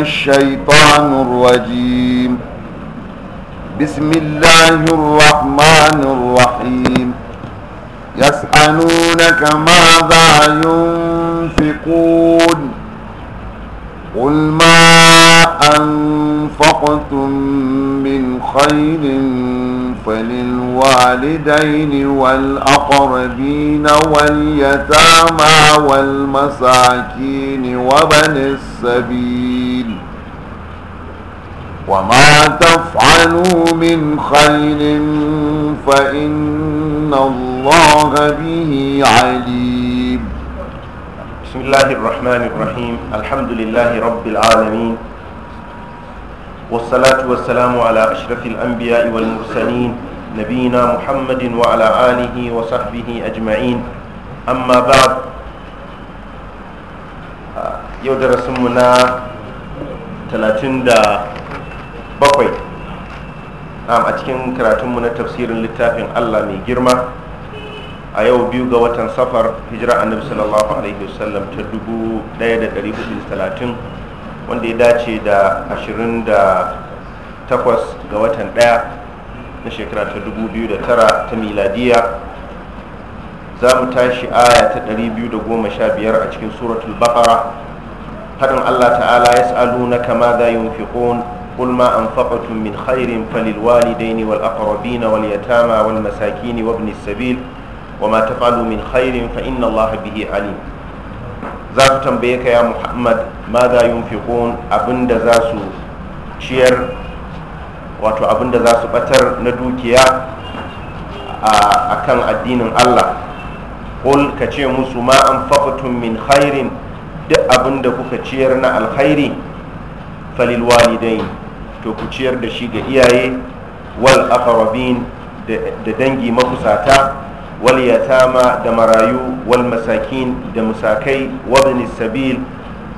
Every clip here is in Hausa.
الشيطان الرجيم بسم الله الرحمن الرحيم يسألونك ماذا ينفقون قل ما أنفقتم من خير فللوالدين والأقربين واليتامى والمساكين وبن السبيل تفعلوا من خير فإن الله به عليم بسم الله الرحمن الرحيم الحمد لله رب العالمين والصلاة والسلام على أشرف الأنبياء والمرسلين نبينا محمد وعلى آله وصحبه أجمعين أما بعد يودر سمنا 30 a cikin karatunmu na tafsirin littafin Allah mai girma a yau biyu ga watan safar hijira annabi sallallahu alaihi wasallam ta 1430 wanda ya dace da 28 ga watan 1 na shekara ta 2009 ta miladiya za mu tashi aya ta 215 a cikin suratul baqara haɗin Allah ta'ala na kama za yunfiqun قل ما أنفقتم من خير فللوالدين والأقربين واليتامى والمساكين وابن السبيل وما تفعلوا من خير فإن الله به عليم ذات تنبيك يا محمد ماذا ينفقون أبن دزاسو شير wato abin da za su batar na dukiya a kan addinin allah ƙul ka ce musu ma an fafatun min khairin duk abin da kuka ciyar na alkhairi falilwalidain to ku ciyar da shi ga iyaye wal aqrabin da dangi makusata wal yatama da marayu wal masakin da musakai wabni sabil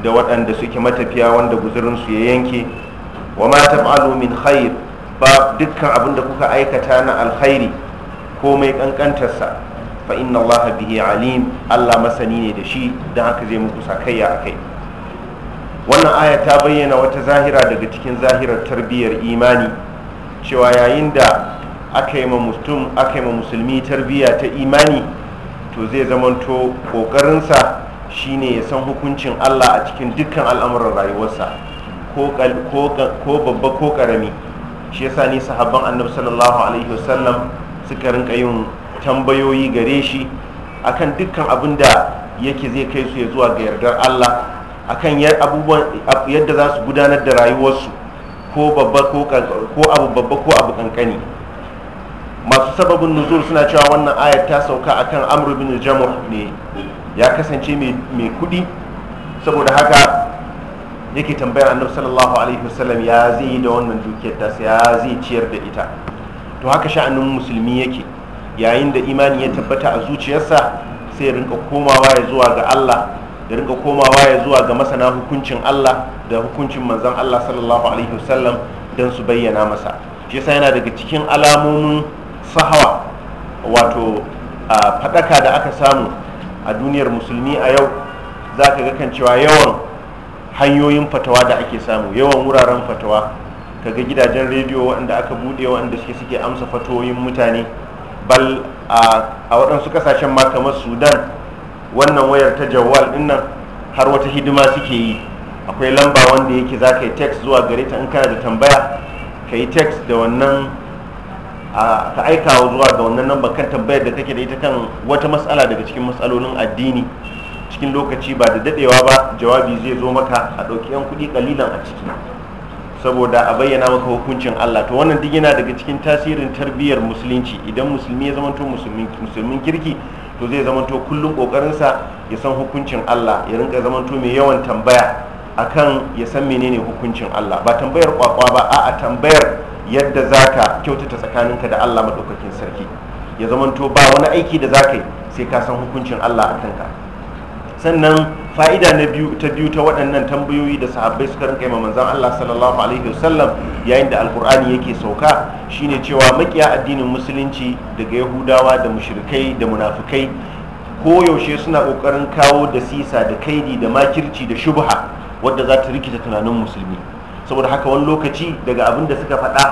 da waɗanda suke matafiya wanda guzurinsu ya yanke wa ma taf'alu min khair ba dukkan abin da kuka aikata na alkhairi komai kankantarsa fa inna allaha bihi alim allah masani ne da shi don haka zai muku sakayya a kai wannan aya ta bayyana wata zahira daga cikin zahirar tarbiyyar imani cewa yayin da aka yi ma mutum aka yi ma musulmi tarbiyya ta imani to zai zamanto kokarinsa shine ya san hukuncin allah a cikin dukkan al'amuran rayuwarsa ko babba ko karami shi yasa ni sahabban annabi sallallahu alaihi wasallam suka rinka yin tambayoyi gare shi akan dukkan abin da yake zai kai su ya zuwa ga yardar allah akan abubuwan yadda za su gudanar da rayuwarsu ko babba ko abu babba ko abu kankani masu sababin nuzul suna cewa wannan ayar ta sauka akan kan bin jamur ne ya kasance mai kudi saboda haka yake tambayar annabi sallallahu alaihi wasallam ya zai yi da wannan dukiyar ta ya zai ciyar da ita to haka sha'anin musulmi yake yayin da imani ya tabbata a zuciyarsa sai rinka komawa ya zuwa ga Allah da rinka komawa ya zuwa ga masana hukuncin Allah da hukuncin manzan Allah sallallahu alaihi wasallam don su bayyana masa shi yasa yana daga cikin alamomin sahawa wato a fadaka da aka samu a duniyar musulmi a yau za ka ga kan cewa yawan hanyoyin fatawa da ake samu yawan wuraren fatawa ka ga gidajen rediyo wanda aka bude wanda suke suke amsa fatoyin mutane bal a waɗansu ƙasashen ma kamar sudan wannan wayar ta jawal din nan har wata hidima suke yi akwai lamba wanda yake za ka yi text zuwa gare ta in kana da tambaya ka yi text da wannan ka aika zuwa ga wannan lamba kan tambayar da take da ita kan wata matsala daga cikin matsalolin addini cikin lokaci ba da dadewa ba jawabi zai zo maka a ɗauki 'yan kuɗi kalilan a ciki saboda a bayyana maka hukuncin Allah to wannan duk yana daga cikin tasirin tarbiyyar musulunci idan musulmi ya zamanto musulmin kirki to zai zamanto kullum sa ya san hukuncin Allah ya rinka zamanto mai yawan tambaya akan ya san menene hukuncin Allah ba tambayar kwakwa ba a'a tambayar yadda zaka kyautata tsakaninka da Allah madaukakin sarki ya zamanto ba wani aiki da zaka yi sai ka san hukuncin Allah akan ka sannan fa'ida na biyu ta biyu ta waɗannan tambayoyi da sahabbai suka rinka ma manzon Allah sallallahu alaihi wasallam yayin da alkur'ani yake sauka shine cewa makiya addinin musulunci daga yahudawa da mushrikai da munafikai koyaushe suna kokarin kawo da sisa da kaidi da makirci da shubha wadda za ta rikita tunanin musulmi saboda haka wani lokaci daga abin da suka faɗa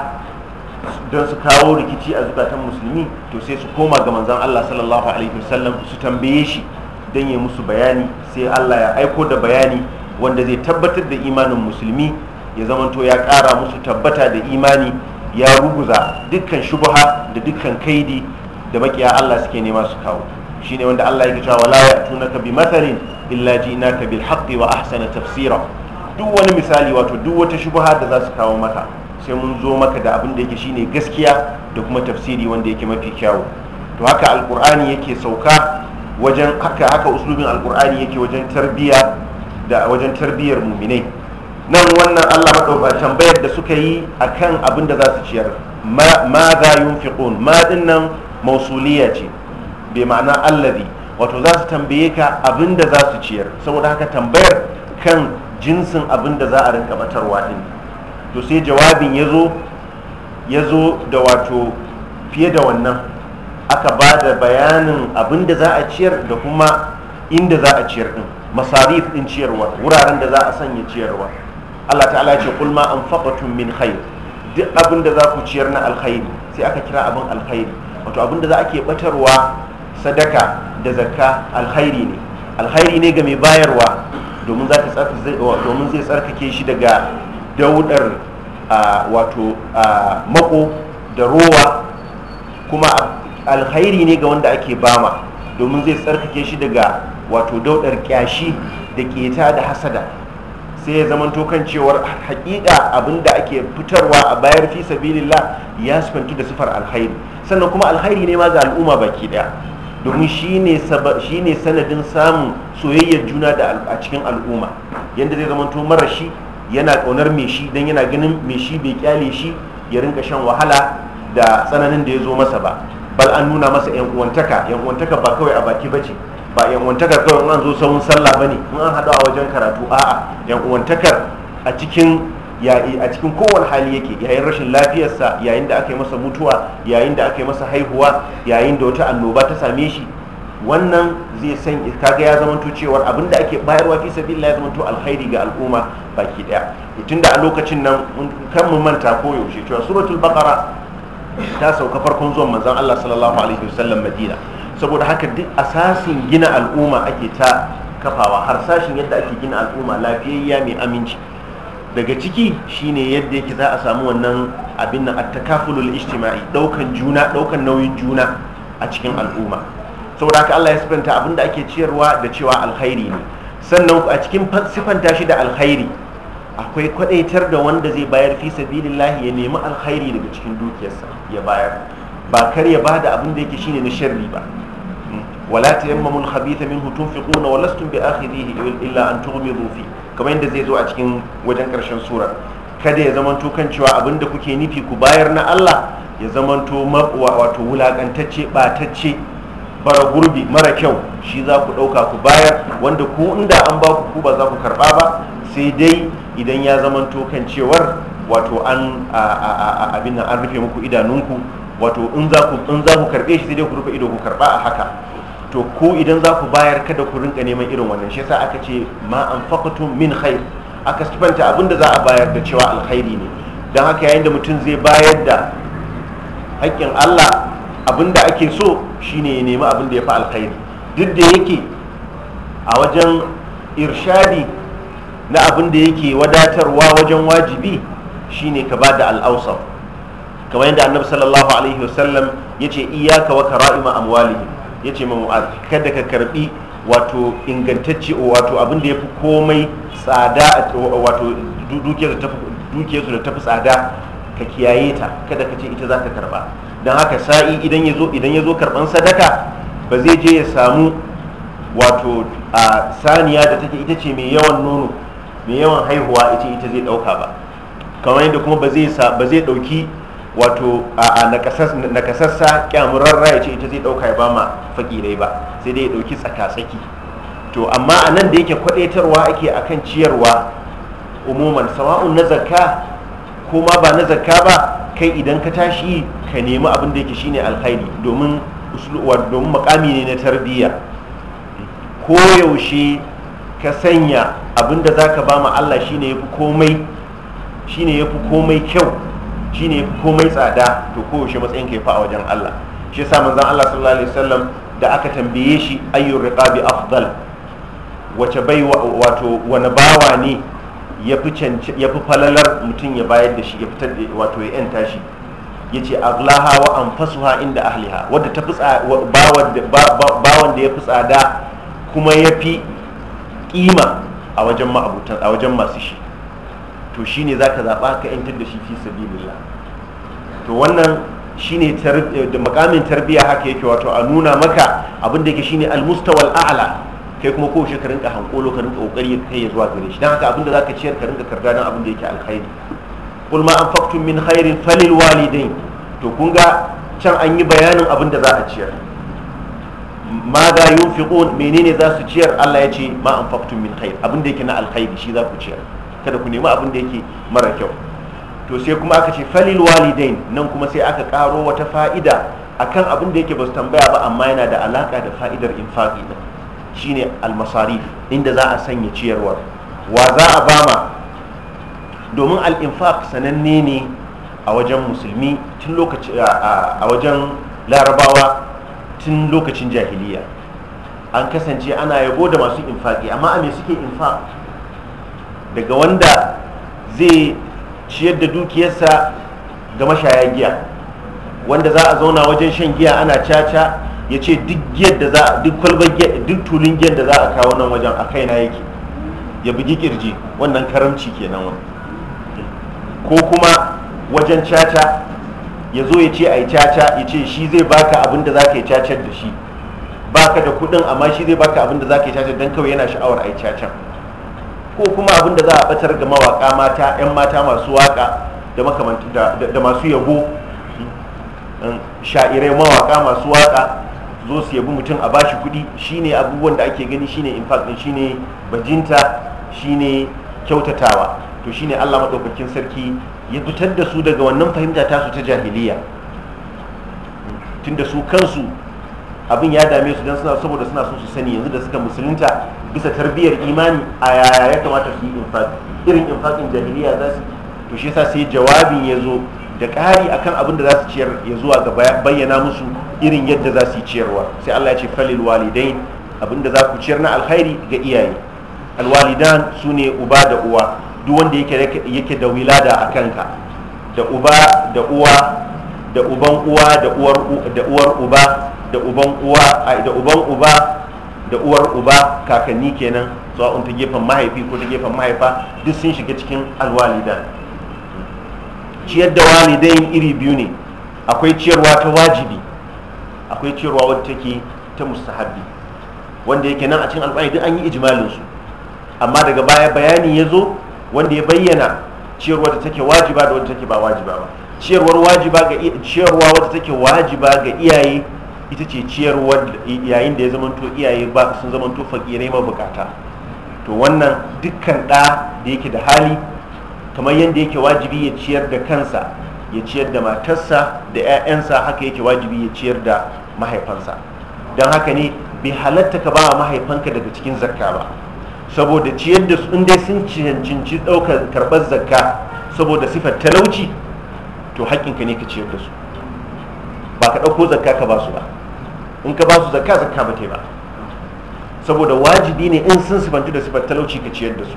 don su kawo rikici a zukatan musulmi to sai su koma ga manzon Allah sallallahu alaihi wasallam su tambaye shi don ya musu bayani sai Allah ya aiko da bayani wanda zai tabbatar da imanin musulmi ya zamanto ya kara musu tabbata da imani ya ruguza dukkan shubuha da dukkan kaidi da makiya Allah suke nema su kawo shine wanda Allah ya yake cewa wala ya'tunaka bi mathalin illa ji'naka bil haqqi wa ahsana tafsira duk wani misali wato duk wata shubuha da za su kawo maka sai mun zo maka da abin da yake shine gaskiya da kuma tafsiri wanda yake mafi kyawu to haka alkur'ani yake sauka wajen haka haka uslubin alkur'ani yake wajen tarbiya da wajen tarbiyar muminai nan wannan Allah madauka tambayar da suka yi a kan abin da za su ciyar ma za yunfiqun ma din nan mausuliya ce bai ma'ana allazi wato za su tambaye ka abin da za su ciyar saboda haka tambayar kan jinsin abin da za a rinka batarwa din to sai jawabin ya zo da wato fiye da wannan aka ba da bayanin abin da za a ciyar da kuma inda za a ciyar din masarif din ciyarwa wuraren da za a sanya ciyarwa Allah ta'ala ce kulma ma anfaqatum min khair duk abin da za ku ciyar na alkhairi sai aka kira abin alkhairi wato abin da za a ke batarwa sadaka da zakka alkhairi ne alkhairi ne ga mai bayarwa domin za ta domin zai tsarkake shi daga daudar wato mako da rowa kuma alkhairi ne ga wanda ake bama domin zai tsarkake shi daga wato daudar kyashi da keta da hasada sai ya zamanto kan cewar hakika abinda ake fitarwa a bayar fi sabilillah ya sufantu da sufar alkhairi sannan kuma alkhairi ne ma ga al'umma baki daya domin shi ne sanadin samun soyayyar juna da a cikin al'umma yadda zai zamanto mara shi yana ƙaunar mai shi don yana ganin mai shi bai kyale shi ya rinka shan wahala da tsananin da ya zo masa ba bal an nuna masa yan uwantaka yan uwantaka ba kawai a baki bace ba yan uwantakar kawai an zo sahun sallah bane in an hadu a wajen karatu a'a yan uwantakar a cikin yayi a cikin kowane hali yake yayin rashin lafiyarsa yayin da aka yi masa mutuwa yayin da aka yi masa haihuwa yayin da wata annoba ta same shi wannan zai san kaga ya to cewa abin da ake bayarwa fi sabilillah ya to alkhairi ga al'umma baki daya tunda a lokacin nan kan mu manta ko yaushe cewa suratul baqara ta sauka farkon zuwan manzon Allah sallallahu alaihi wasallam Madina saboda haka duk asasin gina al'umma ake ta kafawa har sashin yadda ake gina al'umma lafiyayya mai aminci daga ciki shine yadda yake za a samu wannan abin nan at-takafulul ijtima'i daukan juna daukan nauyin juna a cikin al'umma saboda haka Allah ya sifanta abin da ake ciyarwa da cewa alkhairi ne sannan a cikin sifanta shi da alkhairi akwai kwadaitar da wanda zai bayar fi sabilillahi ya nemi alkhairi daga cikin dukiyarsa ya bayar ba kar ya bada abin da yake shine na sharri ba hmm. wala tayammamu alkhabitha minhu tunfiquna wa lastum bi akhidhihi illa an tughmidu fi kamar yadda zai zo a cikin wajen karshen sura kada ya zamanto kan cewa abin da kuke nufi ku bayar na Allah ya zamanto wato wulakantacce batacce bara gurbi mara kyau shi za ku ɗauka ku bayar wanda ku inda an ba ku ba za ku karɓa ba sai dai idan ya zamanto kan cewar wato an abin nan an rufe muku idanunku wato in za ku in za ku karbe shi sai dai ku rufe ido ku karba a haka to ko idan za ku bayar kada ku rinka neman irin wannan shi yasa aka ce ma faqatu min khair aka sifanta abin da za a bayar da cewa alkhairi ne dan haka yayin da mutum zai bayar da haƙƙin Allah abin da ake so shine ya nemi abin da ya fi alkhairi duk da yake a wajen irshadi na abin da yake wadatarwa wajen wajibi shine ka ba da al'ausar kamar yadda annabi sallallahu alaihi wasallam ya ce iyaka wa a amwalihim ya ce ma mu'ad kada ka karbi wato ingantacce wato abin da ya fi komai tsada wato dukiyarsu da tafi tsada ka kiyaye ta kada ka ce ita za ka karba don haka sa'i idan ya zo idan ya zo karban sadaka ba zai je ya samu wato a saniya da take ita ce mai yawan nono mai yawan haihuwa ita ita zai dauka ba kamar yadda kuma ba zai ba zai dauki wato a nakasassa kyamurar rai ce ita zai dauka ya ba ma fakirai ba sai dai ya dauki tsaka-tsaki to amma a nan da yake kwadaitarwa ake akan ciyarwa umuman sawa'un na zakka ko ma ba na zakka ba kai idan ka tashi ka nemi abin da yake shine alkhairi domin domin makami ne na tarbiyya koyaushe ka sanya abin abinda ka ba ma Allah shine ne komai shine komai kyau shine fi komai tsada to koyaushe matsayin ka fi a wajen Allah shi ya sa manzon Allah sallallahu alaihi wasallam da aka tambaye shi ayyur riqabi afdal wace bai wato wani bawa ne ya fi falalar mutum ya bayar da shi ya fitar wato ya yanta shi ya ce aglaha wa anfasuha inda ahliha wadda ta fi bawan da ya fi tsada kuma ya fi kima a wajen ma'abutan a wajen masu shi to shi ne za ka zaɓa ka yantar da shi fi sabilillah to wannan shi ne da makamin tarbiya haka yake wato a nuna maka abin da yake shine almustawal a'la kai kuma ko shi ka rinka hankolo ka rinka kokari kai ya zuwa gare shi dan haka abin da zaka ciyar ka rinka karda dan abin da yake alkhairi kul ma anfaqtum min khairin falil walidain to kun ga can an yi bayanin abin da za a ciyar ma ga yunfiqun menene za su ciyar Allah ya ce ma min khair abin da yake na alkhairi shi za ku ciyar kada ku nemi abin da yake mara kyau to sai kuma aka ce falil walidain nan kuma sai aka karo wata fa'ida akan abin da yake ba su tambaya ba amma yana da alaka da fa'idar infaqi din shine almasarif inda za a sanya ciyarwar wa za a bama domin al-infaq sananne ne a wajen musulmi tun lokaci a wajen larabawa tun lokacin jahiliya an kasance ana yabo da masu infaki amma a me suke infa daga wanda zai ciyar da dukiyarsa ga mashaya giya wanda za a zauna wajen shan giya ana caca ya ce duk kwalbar tulun giyan da za a kawo nan wajen a kaina yake ya bugi kirji wannan karamci kenan wani ko kuma wajen caca ya zo ya ce a yi caca ya ce shi zai baka abin da za ka yi cacar da shi baka da kudin amma shi zai baka abin da za ka yi cacar don kawai yana sha'awar a yi cacar ko kuma abin da za a batar ga mawaka mata 'yan mata masu waka da masu yabo sha'irai mawaka masu waka zo su yabi mutum a bashi kudi shine abubuwan da ake gani shine impact din shine bajinta shine kyautatawa to shine Allah madaukakin sarki ya fitar da su daga wannan fahimta ta su ta jahiliya tunda su kansu abin ya dame su don suna saboda suna so su sani yanzu da suka musulunta bisa tarbiyyar imani a yaya ya kamata su yi infaq irin infaqin jahiliya za su to shi sai jawabin ya zo da ƙari akan abin da za su ciyar ya zuwa ga bayyana musu irin yadda za su yi ciyarwa sai Allah ya ce falil walidain abin da za ku ciyar na alkhairi ga iyaye alwalidan su ne uba da uwa duk wanda yake da wilada a kanka da uba da uwa da uban uwa da uwar da uwar uba da uban uwa da uban uba da uwar uba kakanni kenan tsawon ta gefen mahaifi ko ta gefen mahaifa duk sun shiga cikin alwalidan ciyar da walidain iri biyu ne akwai ciyarwa ta wajibi akwai ciyarwa wadda take ta mustahabbi wanda yake nan a cikin alƙwari duk an yi ijmalin su amma daga baya bayani ya zo wanda ya bayyana ciyarwa da take wajiba da wanda take ba wajiba ba ciyarwar wajiba ga ciyarwa wanda take wajiba ga iyaye ita ce ciyarwar yayin da ya zamanto iyaye ba sun zamanto fakirai mabukata to wannan dukkan ɗa da yake da hali kamar yadda yake wajibi ya ciyar da kansa ya ciyar da matarsa da 'ya'yansa haka yake wajibi ya ciyar da mahaifansa don haka ne bai halatta ka ba mahaifanka daga cikin zakka ba saboda ciyar da in dai sun cancanci ɗaukar karɓar zakka saboda sifar talauci to haƙƙinka ne ka ciyar da su ba ka ɗauko zakka ka ba su ba in ka ba su zakka zakka ba ta ba saboda wajibi ne in sun sifantu da sifar talauci ka ciyar da su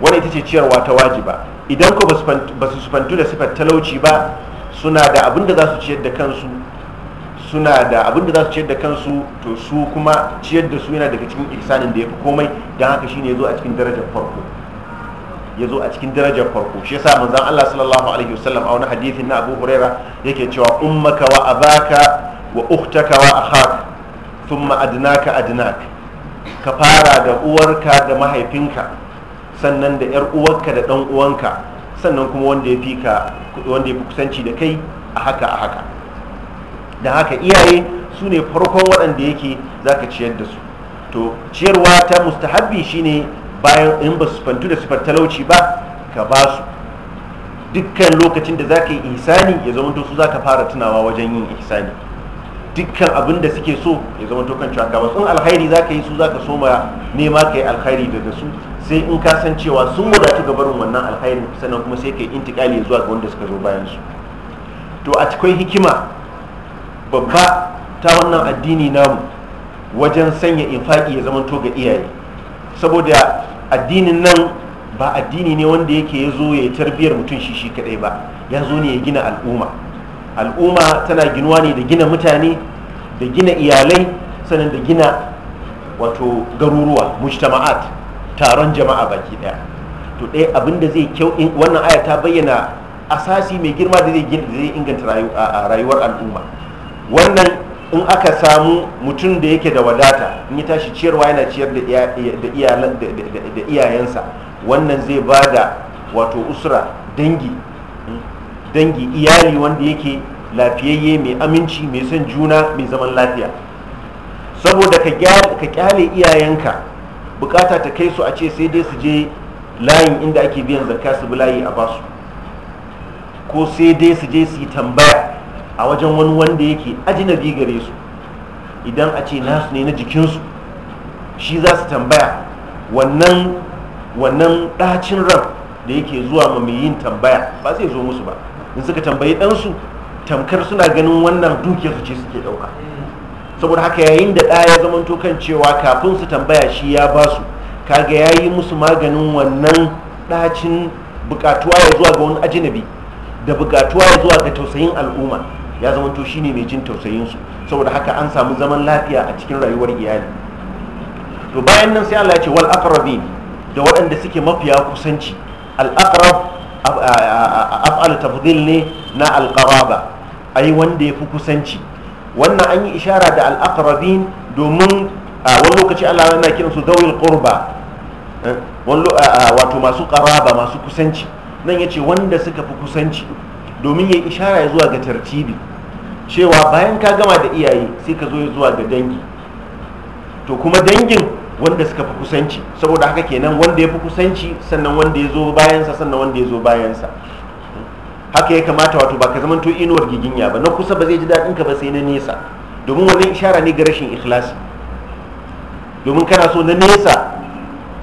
wani ita ce ciyarwa ta wajiba idan ko ba su sifantu da sifar talauci ba suna da abin da za su ciyar da kansu suna da abin da za su ciyar da kansu to su kuma ciyar da su yana daga cikin ihsanin da ya fi komai don haka shine ya zo a cikin darajar farko ya zo a cikin darajar farko shi yasa manzon Allah sallallahu alaihi wasallam a wani hadithin na Abu Huraira yake cewa ummaka wa abaka wa ukhtaka wa akhaka thumma adnaka adnak ka fara da uwarka da mahaifinka sannan da yar uwarka da dan uwanka sannan kuma wanda ya fi ka wanda ya fi kusanci da kai a haka a haka da haka iyaye su ne farkon waɗanda yake za ka ciyar da su to ciyarwa ta mustahabbi shine bayan in ba su fantu da sifar talauci ba ka ba su dukkan lokacin da za ka yi ihsani ya zama su za ka fara tunawa wajen yin ihsani dukkan abin da suke so ya zama to kan cewa in alkhairi za ka yi su za ka soma nema ka yi alkhairi daga su sai in ka san cewa sun wadatu ga barin wannan alkhairin sannan kuma sai ka yi intikali zuwa ga wanda suka zo bayan su to a cikin hikima babba ta wannan addini namu wajen sanya infaki ya zamanto ga iyaye saboda addinin nan ba addini ne wanda yake ya zo ya tarbiyar mutum shi shi kadai ba ya zo ne ya gina al'umma al'umma tana ginuwa ne da gina mutane da gina iyalai sannan da gina wato garuruwa mujtama'at taron jama'a baki daya to ɗaya abin da zai kyau wannan aya ta bayyana asasi mai girma da zai inganta rayuwar al'umma wannan in aka samu mutum da yake da wadata in yi tashi ciyarwa yana ciyar da iyayensa wannan zai ba da wato usra dangi hmm, dangi iyali wanda yake lafiyayye mai aminci mai son juna mai zaman lafiya saboda ka kyale iyayenka bukata ta kai su a ce sai dai su je layin inda ake biyan zakka su bi layi a basu ko sai dai su je su yi tambaya a wajen wani wanda yake ajinabi gare su idan a ce nasu ne na jikinsu shi za su tambaya wannan wannan ɗacin ran da yake zuwa ma mai yin tambaya ba zai zo musu ba in suka tambayi ɗansu tamkar suna ganin wannan dukiyarsu ce suke ɗauka saboda haka yayin da ɗaya ya zama kan cewa kafin su tambaya shi ya ba su kaga ya yi musu maganin wannan ɗacin bukatuwa ya zuwa ga wani ajinabi da bukatuwa ya zuwa ga tausayin al'umma ya zama to shine mai jin tausayin su saboda haka an samu zaman lafiya a cikin rayuwar iyali to bayan nan sai Allah ya ce wal aqrabin da waɗanda suke mafiya kusanci al aqrab af'al tafdil ne na al qaraba ai wanda yafi kusanci wannan an yi ishara da al aqrabin domin wani lokaci Allah yana su dawil qurba eh, wato masu qaraba masu kusanci nan yace wanda suka fi kusanci domin ya ishara zuwa ga tartibi cewa bayan ka gama da iyaye sai ka zo zuwa ga dangi to kuma dangin wanda suka fi kusanci saboda haka kenan wanda ya fi kusanci sannan wanda ya zo bayansa sannan wanda ya zo bayansa haka ya kamata wato ba ka to inuwar giginya ba na kusa ba zai ji daɗin ka ba sai na nesa domin wani ishara ne ga rashin ikhlasi domin kana so na nesa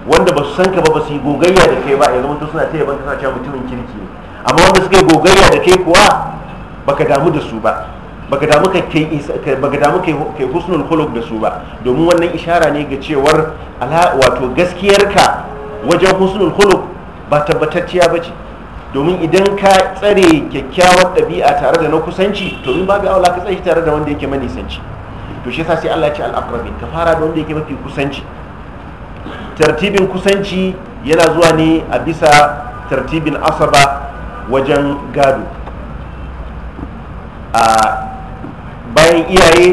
wanda ba su san ka ba ba su yi gogayya da kai ba ya to suna taya ban kasa mutumin kirki ne amma wanda suka yi gogayya da kai kuwa baka damu da su ba ba damu ka damu kai husnul khuluq da su ba domin wannan ishara ne ga cewar wato gaskiyarka wajen husnul khuluq ba tabbatacciya ce domin idan ka tsare kyakkyawar ɗabi'a tare da na kusanci to in babu aula ka tsaye tare da wanda yake manisanci to shi yasa sai Allah ya ce al-aqrabin ka fara da wanda yake mafi kusanci tartibin kusanci yana zuwa ne a bisa tartibin asaba wajen gado a yayan iyaye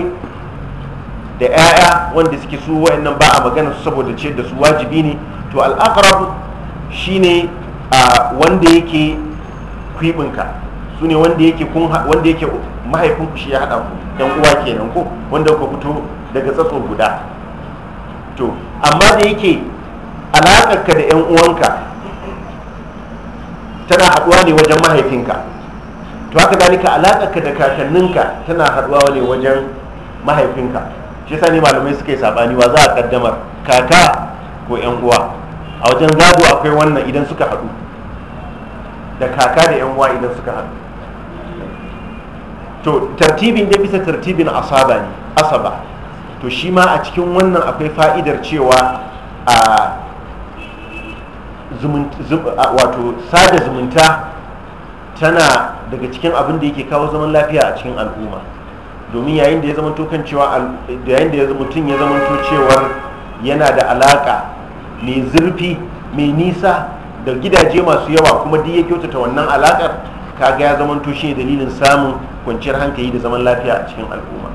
da 'ya'ya wanda suke su wa'annan ba a magana su saboda ce da su wajibi ne to shi ne wanda yake kwibinka su ne wanda yake mahaifinku shi ya haɗa ku dan uwa kenan ko wanda ku fito daga tsatso guda to amma da yake alaƙarka da 'yan uwanka tana haɗuwa ne wajen mahaifinka to haka alaƙa alaƙarka da kakanninka tana haɗuwa ne wajen mahaifinka shi yasa ne malamai suka yi saɓani wa za a ƙaddamar kaka ko yan uwa a wajen gado akwai wannan idan suka haɗu da kaka da yan uwa idan suka haɗu to tartibin da bisa tartibin asaba ne asaba to shi ma a cikin wannan akwai fa'idar cewa a wato sada zumunta tana daga cikin abin da yake kawo zaman lafiya a cikin al'umma domin yayin da ya zama kan cewa da yayin da mutum ya zama cewar yana da alaka mai zurfi mai nisa da gidaje masu yawa kuma duk ya kyautata wannan alakar kaga ya zama to shine dalilin samun kwanciyar hankali da zaman lafiya a cikin al'umma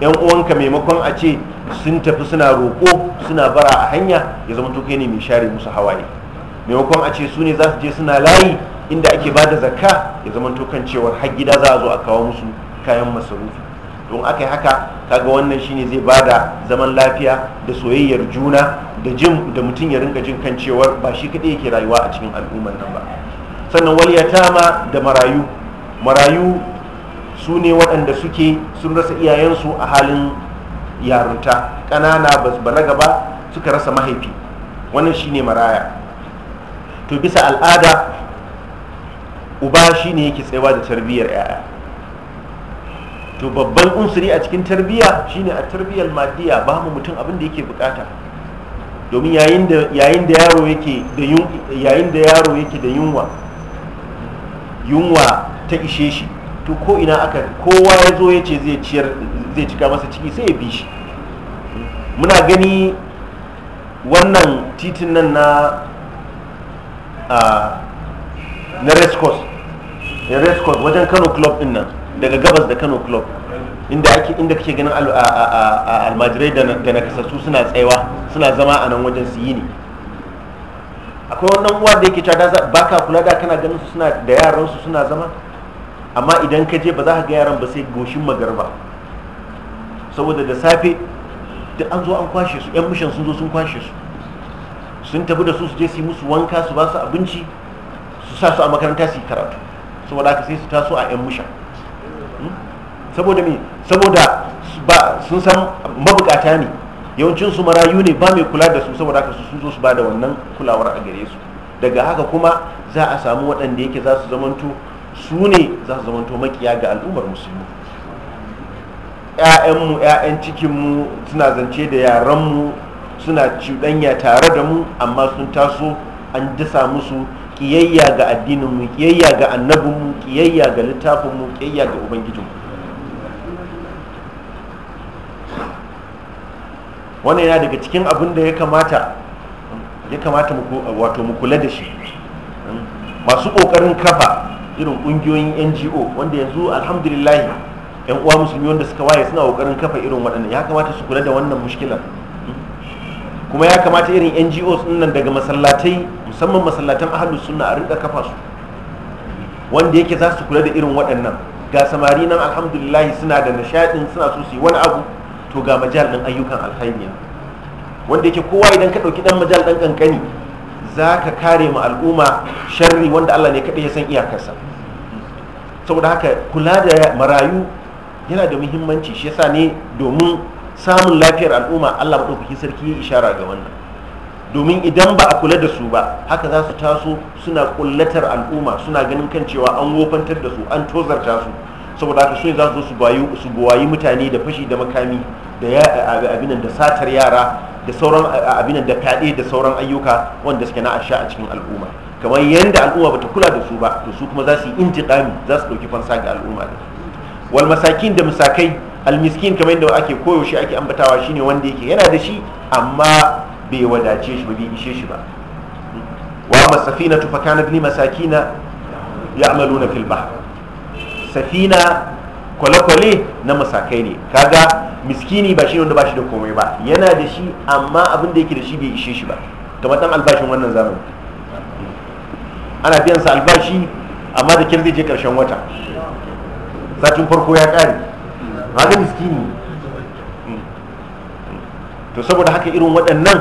yan uwanka maimakon a ce sun tafi suna roƙo suna bara a hanya ya zama to kai ne mai share musu hawaye maimakon a ce su ne za su je suna layi inda ake ba da zakka ya zama kan cewar har gida za a zo a kawo musu kayan masarufi don aka yi haka kaga wannan shine zai ba da zaman lafiya da soyayyar juna da jin da mutum ya rinka jin kan cewar ba shi kaɗai yake rayuwa a cikin al'ummar nan ba sannan ma da marayu marayu su ne waɗanda suke sun rasa iyayensu a halin yarunta ƙanana ba balaga ba suka rasa mahaifi wannan shine maraya to bisa al'ada uba shi ne yake tsayawa da tarbiyyar yaya to babban unsuri a cikin tarbiyya shine a tarbiyyar madiya ba mu mutum abin da yake bukata domin yayin da yaro yake da yunwa ta ishe shi to ko ina aka kowa ya zo ya ce zai cika masa ciki sai ya bi shi muna gani wannan titin nan na ah, na race course red cross wajen kano club din nan daga gabas da kano club inda ake inda kake ganin almajirai da nakasassu suna tsayawa suna zama a nan wajen su yi ne akwai wannan uwa da yake cada ba ka kula da kana ganin su suna da yaran su suna zama amma idan ka je ba za ka ga yaran ba sai goshin magarba saboda da safe da an zo an kwashe su yan mishan sun zo sun kwashe su sun tafi da su su je su yi musu wanka su ba su abinci su sa su a makaranta su yi karatu saboda haka sai su taso a yan musha hmm? saboda me saboda ba sun san mabukata ne yawancin marayu ne ba mai kula da su saboda haka su zo su ba da wannan kulawar a gare su daga haka kuma za a samu waɗanda yake za su zamanto su ne za su zamanto makiya ga al'ummar musulmi ‘ya'yanmu ‘ya'yan cikinmu suna zance da yaranmu suna cuɗanya tare da mu amma sun taso an dasa musu kiyayya ga addininmu kiyayya ga annabinmu kiyayya ga littafinmu kiyayya ga ubangijinmu wannan yana daga cikin abin da ya kamata wato mu kula da shi masu kokarin kafa irin kungiyoyin ngo wanda yanzu alhamdulillah yan uwa musulmi wanda suka waye suna kokarin kafa irin waɗannan ya kamata su kula da wannan mushkilar kuma ya kamata irin ngos nan daga masallatai musamman masallatan ahalus sunna a rinka kafa su wanda yake za su kula da irin waɗannan ga samari nan alhamdulillah suna da nishaɗin suna so su yi wani abu to ga majal din ayyukan alhaimiya wanda yake kowa idan ka ɗauki ɗan majal ɗan ƙanƙani za ka kare ma al'umma sharri wanda allah ne kaɗai ya san iyakarsa saboda haka kula da marayu yana da muhimmanci shi yasa ne domin samun lafiyar al'umma Allah maɗaukaki sarki ya ishara ga wannan domin idan ba a kula da su ba haka za su taso suna kullatar al'umma suna ganin kan cewa an wofantar da su an tozarta su saboda haka sun za su su buwayi mutane da fashi da makami da abinan da satar yara da sauran abinan da fyaɗe da sauran ayyuka wanda suke na asha a cikin al'umma kamar yadda al'umma bata kula da su ba to su kuma za su yi intiƙami za su ɗauki fansa ga al'umma wal masakin da misakai almiskin kamar yadda ake koyaushe ake ambatawa shine wanda yake yana da shi amma bai wadace shi ba bai ishe shi ba wa ma safina tu fakana bi masakina ya'maluna fil bahr safina kwale-kwale na masakai ne kaga miskini ba shi wanda ba shi da komai ba yana da shi amma abin da yake da shi bai ishe shi ba kamar dan albashin wannan zamani ana biyan sa albashi amma da kyar zai je karshen wata satin farko ya kare haka miskini hmm. to saboda haka irin waɗannan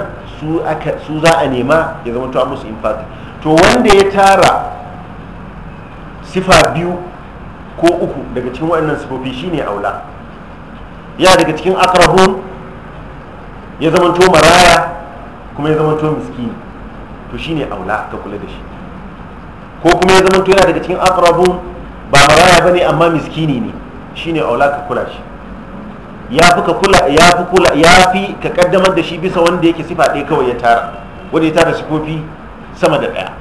su za a nema ya zama tuwa musu infati to wanda ya tara sifa biyu ko uku daga cikin waɗannan sifofi shine aula ya daga cikin akrabun ya tuwa maraya kuma ya tuwa miskini to shine aula ka kula da shi ko kuma ya zama tuwa daga cikin akrabun ba maraya bane amma miskini ne shine aula ka kula shi ya fi ka kula ya fi kula ya fi ka kaddamar da shi bisa wanda yake sifa ɗaya kawai ya tara wanda ya tara sifofi sama da ɗaya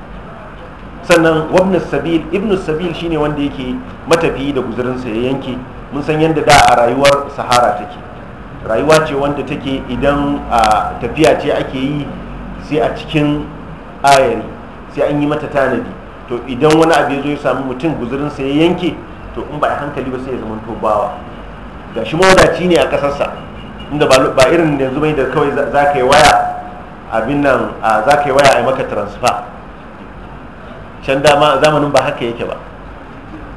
sannan wabnus sabil ibnu sabil shine wanda yake matafiyi da sa ya yanke mun san yadda da a rayuwar sahara take rayuwa ce wanda take idan a tafiya ce ake yi sai a cikin ayari sai an yi mata tanadi to idan wani abu ya zo ya samu mutum sa ya yanke to in ba hankali ba sai ya zama to bawa ga shi mawadaci ne a kasarsa inda ba irin yanzu bai da kawai za ka yi waya abin nan za ka yi waya a maka transfer can dama zamanin ba haka yake ba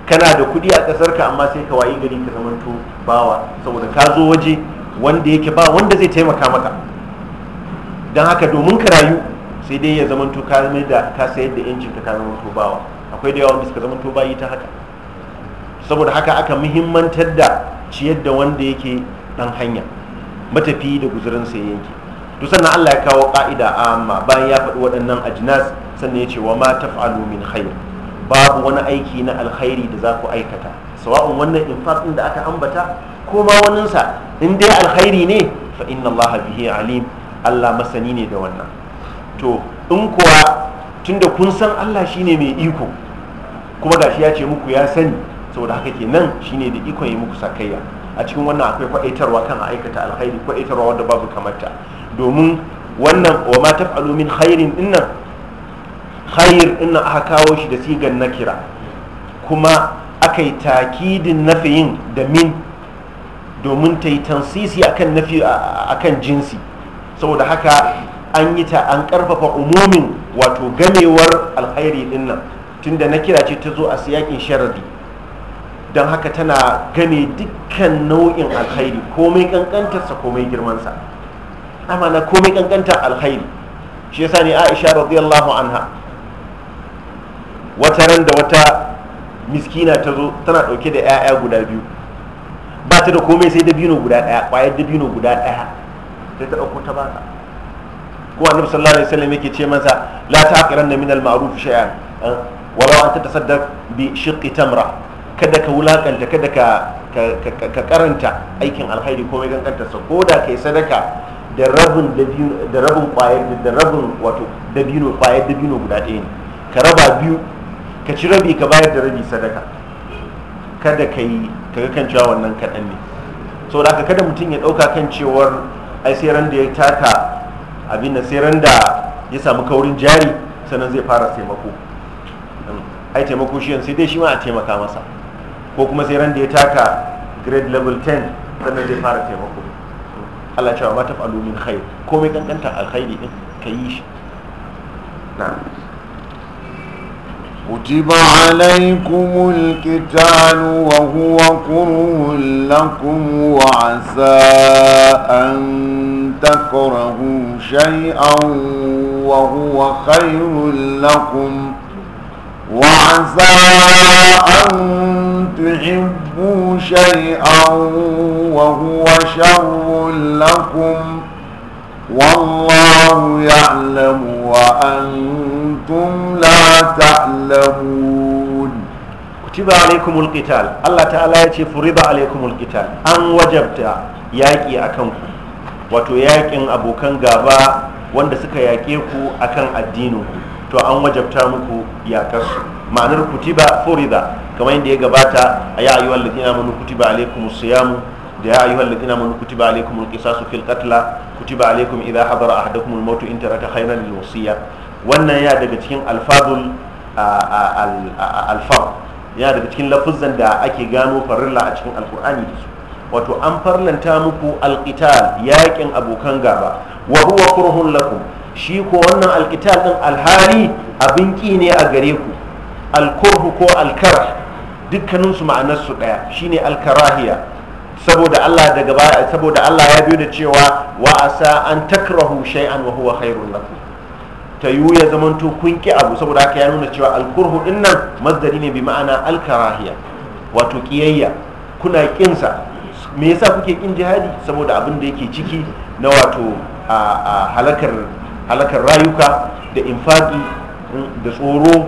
kana da kuɗi a ka amma sai ka wayi gari ka zama to bawa saboda ka zo waje wanda yake ba wanda zai taimaka maka don haka domin ka rayu sai dai ya zama to ka ka sayar da yancin ka zama to bawa akwai da yawa wanda suka zama to bayi ta haka saboda haka aka muhimmantar da ciyar da wanda yake dan hanya matafi da guzurin ya yanke to sannan Allah ya kawo ka'ida amma bayan ya faɗi waɗannan ajnas sannan ya ce wa ma taf'alu min khair babu wani aiki na alkhairi da zaku aikata sawa'un wannan infaq din da aka ambata ko ma sa in dai alkhairi ne fa inna Allah bihi alim Allah masani ne da wannan to in kuwa tunda kun san Allah shine mai iko kuma gashi ya ce muku ya sani saboda haka ke kenan shine da ikon yi muku sakayya a cikin wannan akwai kwaitarwa kan aikata alkhairi kwaitarwa wanda babu kamata domin wannan wa ma taf'alu min khairin dinnan khair a aka kawo shi da sigan nakira kuma aka yi takidin nafiyin da min domin ta yi tansisi akan nafi akan jinsi saboda haka an yi ta an karfafa umumin wato gamewar alkhairi dinnan tunda nakira ce ta zo a siyakin sharadi don haka tana gane dukkan nau'in alkhairi komai kankantarsa komai girmansa amana komai kankantar alkhairi shi yasa ne aisha radiyallahu anha wata ran da wata miskina ta zo tana dauke da 'ya'ya guda biyu ba ta da komai sai da dabino guda daya kwayar dabino guda daya sai ta dauko ta baka ko annabi sallallahu alaihi wasallam yake ce masa la taqiranna min al-ma'ruf shay'an law an tatasaddaq bi shiqqi tamra kada ka wulakanta kada ka karanta aikin alkhairi ko mai ko da kai sadaka da rabin da da rabin wato dabino kwayar dabino guda ɗaya ne ka raba biyu ka ci rabi ka bayar da rabi sadaka kada ka yi ka ga kan cewa wannan kaɗan ne da aka kada mutum ya ɗauka kan cewar ai sai ran da ya taka abin da sai ran da ya samu kaurin jari sannan zai fara taimako ai taimako shi yanzu sai dai shi ma a taimaka masa ko kuma sai ran da ya taka grade level 10 sannan zai fara taimako Allah cewa ma taf'alu min khair komai kankanta alkhairi din ka yi shi na'am عليكم القتال وهو كره لكم وعسى أن تكرهوا شيئا وهو خير لكم وعسى أن تحبوا شيئا وهو شر لكم والله يعلم وأنتم لا تعلمون كتب عليكم القتال الله تعالى يتي فرض عليكم القتال أن وجبت yaƙi أكمكم وتو wato أبو كان gaba wanda suka yaƙe ku akan to an wajabta muku yakar su ma'anar kutiba furida kamar yadda ya gabata a ya ayyuhal ladina amanu kutiba alaikumus siyam da ya ayyuhal ladina amanu kutiba alaikumul qisasu fil qatla kutiba alaikum idha hadara ahadakumul mautu in taraka khayran lil wannan ya daga cikin alfadul alfar ya daga cikin lafuzan da ake gano farilla a cikin alkur'ani da su wato an farlanta muku alqital yaƙin abokan gaba wa huwa kurhun lakum shi ko wannan alkital din alhali abin ki ne a gare ku alkurhu ko alkar dukkaninsu ma'anarsu ɗaya shine alkarahiya saboda Allah daga baya saboda Allah ya biyo da cewa wa asa an takrahu shay'an wa huwa khairun lakum tayu ya zamanto kun ki abu saboda haka ya nuna cewa alkurhu nan mazdari ne bi ma'ana alkarahiya wato ƙiyayya kuna ƙinsa me yasa kuke ƙin jihadi saboda abin da yake ciki na wato a halakar halakar rayuka da infaki da tsoro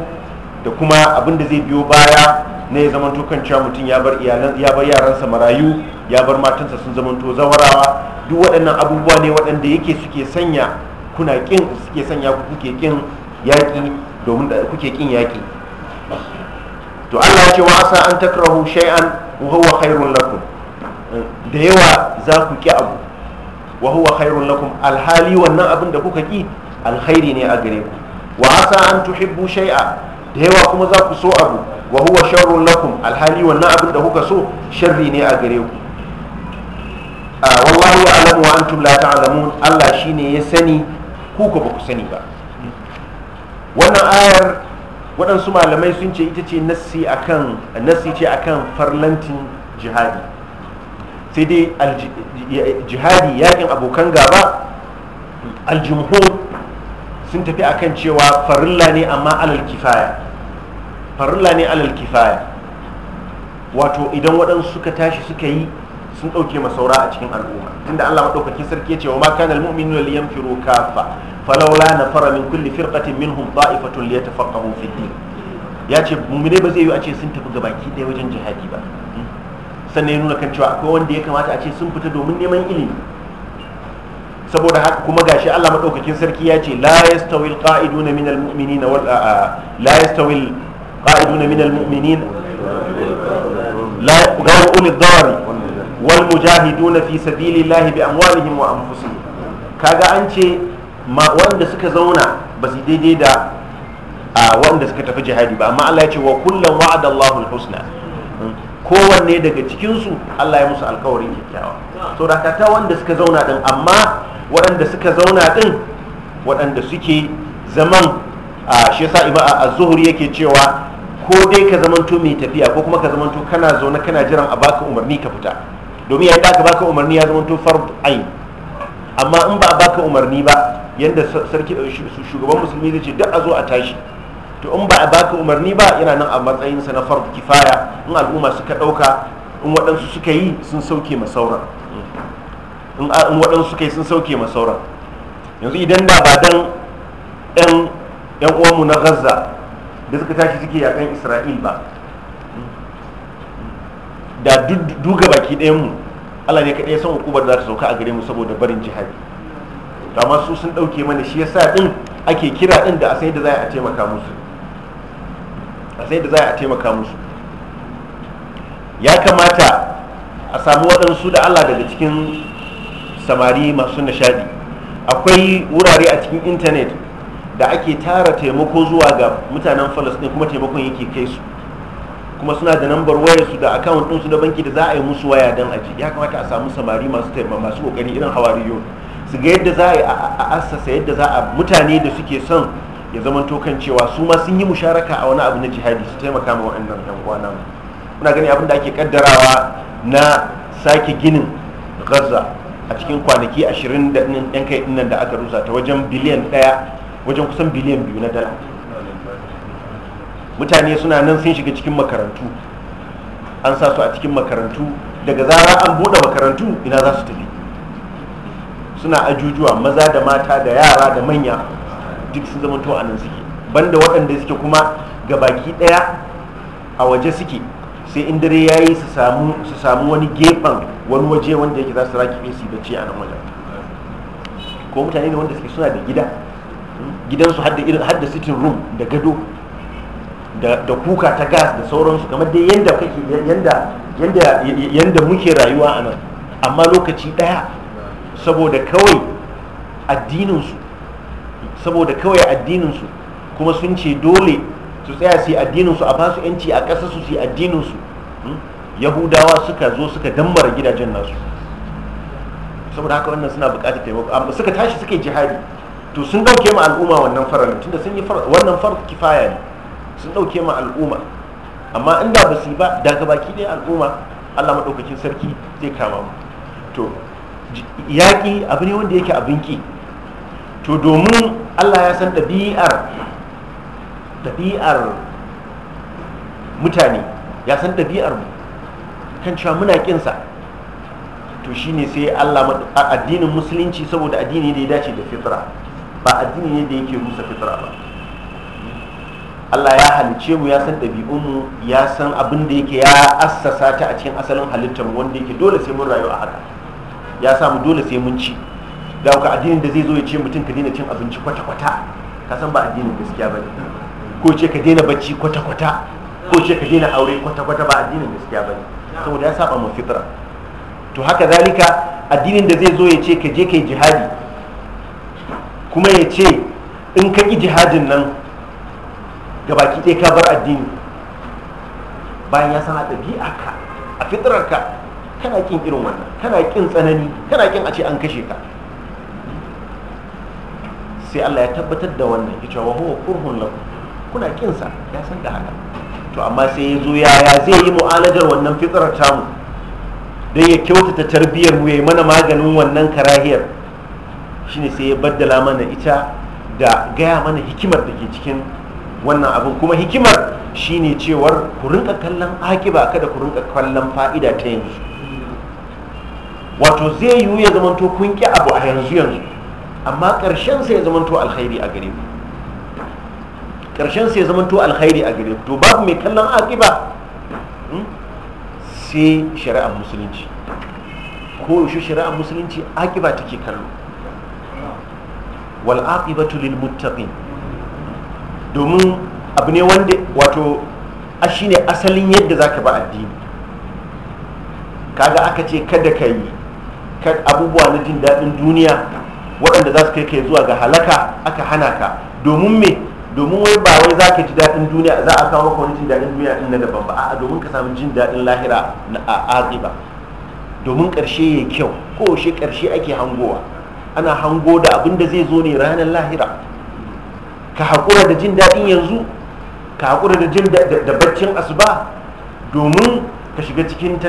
da kuma abin da zai biyo baya na ya zamanto kan cewa mutum ya bar yaransa marayu ya bar matansa sun zamanto zawarawa duk waɗannan abubuwa ne waɗanda yake suke sanya kuna kin suke sanya kuke kin yaƙi domin da kuke kin yaƙi to Allah ya ce wa asa an takrahu shay'an wa huwa khairun lakum da yawa za ku ki abu wa huwa khairun lakum alhali wannan abin da kuka ki alkhairi ne a gare ku wa asa an tuhibbu shay'a da yawa kuma za ku so abu wa huwa sharrun lakum alhali wannan abin da kuka so sharri ne a gare ku wallahu alamu wa antum la ta'lamun Allah shine ya sani ku ba ku sani ba wannan ayar waɗansu malamai sun ce ita ce nassi akan nassi ce akan farlantin jihadi sai dai jihadi yakin abokan gaba aljumhur sun tafi akan cewa farilla ne amma alal kifaya farilla ne alal kifaya wato idan waɗansu suka tashi suka yi sun ɗauke masaura a cikin al'umma tunda Allah maɗaukakin sarki ya ce wa ma kana almu'minu liyan yanfiru kafa falawla nafara min kulli firqatin minhum da'ifatun liyatafaqahu fid din ya ce mu'mine ba zai yi a ce sun tafi gabaki ɗaya wajen jihadi ba sannan ya nuna kan cewa akwai wanda ya kamata a ce sun fita domin neman ilimi saboda haka kuma gashi Allah madaukakin sarki ya ce la yastawil qa'iduna min mu'minina wal la yastawil qa'iduna al mu'minin la gawu ulil dawari wal mujahiduna fi sabilillahi bi amwalihim wa anfusihim kaga an ce wanda suka zauna ba su daidai da wanda suka tafi jihadi ba amma Allah ya ce wa kullu wa'ada Allahul husna kowanne daga cikinsu Allah ya musu alkawarin kyakkyawa so da ta wanda suka zauna din amma waɗanda suka zauna din waɗanda suke zaman a shi yasa ima a zuhuri yake cewa ko dai ka zamanto mai tafiya ko kuma ka zamanto kana zaune kana jiran a baka umarni ka fita domin ya yi ɗaka baka umarni ya zamanto fard ain amma in ba a baka umarni ba yanda sarki shugaban musulmi zai ce duk a a tashi to in ba a baka umarni ba yana nan a matsayinsa na farb kifaya in al'umma suka ɗauka in waɗansu suka yi sun sauke ma sauran in waɗansu suka yi sun sauke ma sauran yanzu idan da ba dan yan uwanmu na gaza da suka tashi suke yakan isra'il ba da duga baki ɗayanmu allah ne ka ya san hukumar za ta sauka a gare mu saboda barin jihadi amma su sun ɗauke mana shi yasa ɗin ake kira ɗin da a sai da za a sai da za a taimaka musu ya kamata a samu waɗansu da allah daga cikin samari masu nishadi akwai wurare a cikin intanet da ake tara taimako zuwa ga mutanen falasdin kuma taimakon yake kai su kuma suna da nambar wayar su da akawun ɗinsu na banki da za a yi musu waya don aji ya kamata a samu samari masu taimako masu kokari irin hawariyo su ga yadda za a yi a assasa yadda za a mutane da suke son ya zama tokan cewa su ma sun yi musharaka a wani abu na jihadi su taimaka ma waɗannan yan uwa namu muna gani abin da ake kaddarawa na sake ginin gaza a cikin kwanaki 20 da kai nan da aka rusa ta wajen biliyan ɗaya wajen kusan biliyan biyu na dala mutane suna nan sun shiga cikin makarantu an sa su a cikin makarantu daga zara an buɗe makarantu ina za su tafi suna ajujuwa maza da mata da yara da manya duk sun zama to a nan suke banda waɗanda suke kuma ga baki ɗaya a waje suke sai in dare ya yi su samu wani gefen wani waje wanda yake za su raki su bacci a nan wajen ko mutane ne wanda suke suna da gida gidansu da sitting room da gado da kuka ta gas da sauransu kamar dai yadda kake yadda muke rayuwa a nan amma lokaci daya saboda kawai addininsu saboda kawai addininsu kuma sun ce dole su tsaya su yi addininsu a basu yanci a ƙasa su yi addininsu hmm? yahudawa suka zo suka dambara gidajen nasu saboda haka wannan suna buƙatar taimako amma suka tashi suka yi jihadi to sun ɗauke ma al'umma wannan farar tunda sun yi wannan farar kifaya ne sun ɗauke ma al'umma amma inda ba su yi ba daga baki ɗaya al'umma allah maɗaukakin sarki zai kama mu to yaƙi abu ne wanda yake abin ki to domin allah ya san ɗabi'ar ɗabi'ar mutane ya san ɗabi'ar mu kan cewa muna ƙinsa to shine sai Allah addinin musulunci saboda addini da ya dace da fitra ba addini ne da yake rusa fitra ba Allah ya halice mu ya san ɗabi'unmu ya san abin da yake ya assasa ta a cikin asalin halittar wanda yake dole sai mun rayu a haka ya samu dole sai mun ci da haka addinin da zai zo ya ce mutum ka dina cin abinci kwata-kwata ka san ba addinin gaskiya ba ne ko ce ka daina bacci kwata-kwata ko ce ka daina aure kwata-kwata ba addinin gaskiya ba ne saboda ya saba mu fitra to haka zalika addinin da zai zo ya ce ka je ka jihadi kuma ya ce in ka ƙi jihadin nan ga baki ɗaya ka bar addini bayan ya sana ɗabi'a ka a ka kana ƙin irin wannan kana ƙin tsanani kana ƙin a ce an kashe ka sai Allah ya tabbatar da wannan ya ce wa huwa kurhun lakum kuna kinsa ya san da haka to amma sai ya zo yaya zai yi mu'alajar wannan fitrar tamu don ya kyautata tarbiyyar mu ya yi mana maganin wannan karahiyar shine sai ya baddala mana ita da gaya mana hikimar da ke cikin wannan abin kuma hikimar shine cewar ku rinka kallon akiba kada ku rinka kallon fa'ida ta yanzu wato zai yiwu ya zamanto kun ki abu a yanzu yanzu amma ƙarshen sai ya zamanto alkhairi a gare mu. Karshen sai zama to alkhairi a gare to babu mai kallon akiba hmm? sai shari'ar musulunci ko yaushe shari'ar musulunci akiba take kallo wal aqibatu lil muttaqin domin abu ne wanda wato a shine asalin yadda zaka ba addini kaga aka ce kada ka yi abubuwa na jin daɗin duniya waɗanda za su kai ka zuwa ga halaka aka hana ka domin me domin wai ba wai za ka ji daɗin duniya za a kawo maka wani jin daɗin duniya ɗin na daban ba a'a domin ka samu jin daɗin lahira na aqiba domin ƙarshe ya kyau ko shi ƙarshe ake hangowa ana hango da abin da zai zo ne ranar lahira ka haƙura da jin daɗin yanzu ka haƙura da jin da baccin asuba domin ka shiga cikin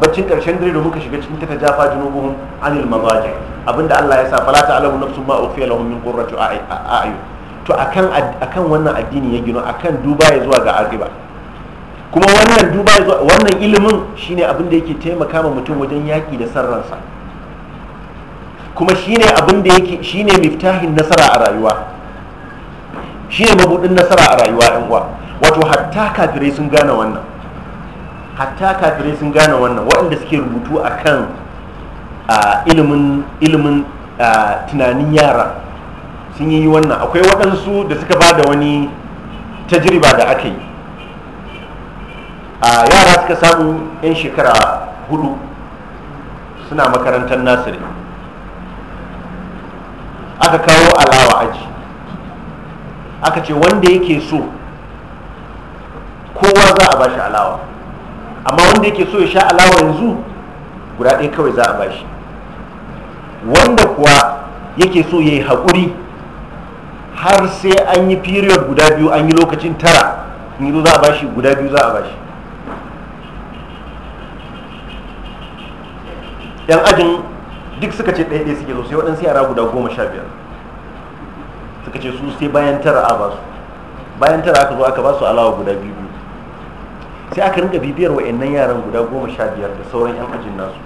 baccin ƙarshen dare domin ka shiga cikin ta jafa junubuhum anil mazaji abinda Allah ya sa fala ta'lamu nafsun ma ukhfiya lahum min qurrati a'yun to akan kan wannan addini ya gino akan duba ya zuwa ga arriba kuma wannan duba ya zuwa wannan ilimin shine abin da yake taimaka ma mutum wajen yaƙi da sarransa kuma shine abin da yake shine miftahin nasara a rayuwa shine mabudin nasara a rayuwa yan uwa wato hatta kafirai sun gane wannan hatta kafirai sun gane wannan waɗanda suke rubutu akan kan ilimin tunanin yara sun yi wannan akwai waɗansu da suka ba da wani tajiriba da aka yi a yara suka samu 'yan shekara hudu suna makarantar nasiri aka kawo alawa aji aka ce wanda yake so kowa za a bashi alawa amma wanda yake so ya sha alawa yanzu guda ɗaya kawai za a bashi wanda kuwa yake so ya yi haƙuri har sai an yi period guda biyu an yi lokacin tara in yi za a bashi guda biyu za a bashi yan ajin duk suka ce ɗaya ɗaya suke zo sai waɗansu yara guda goma sha biyar suka ce su sai bayan tara a ba su bayan tara aka zo aka ba su alawa guda biyu biyu sai aka rinka bibiyar wa'annan yaran guda goma sha biyar da sauran yan ajin nasu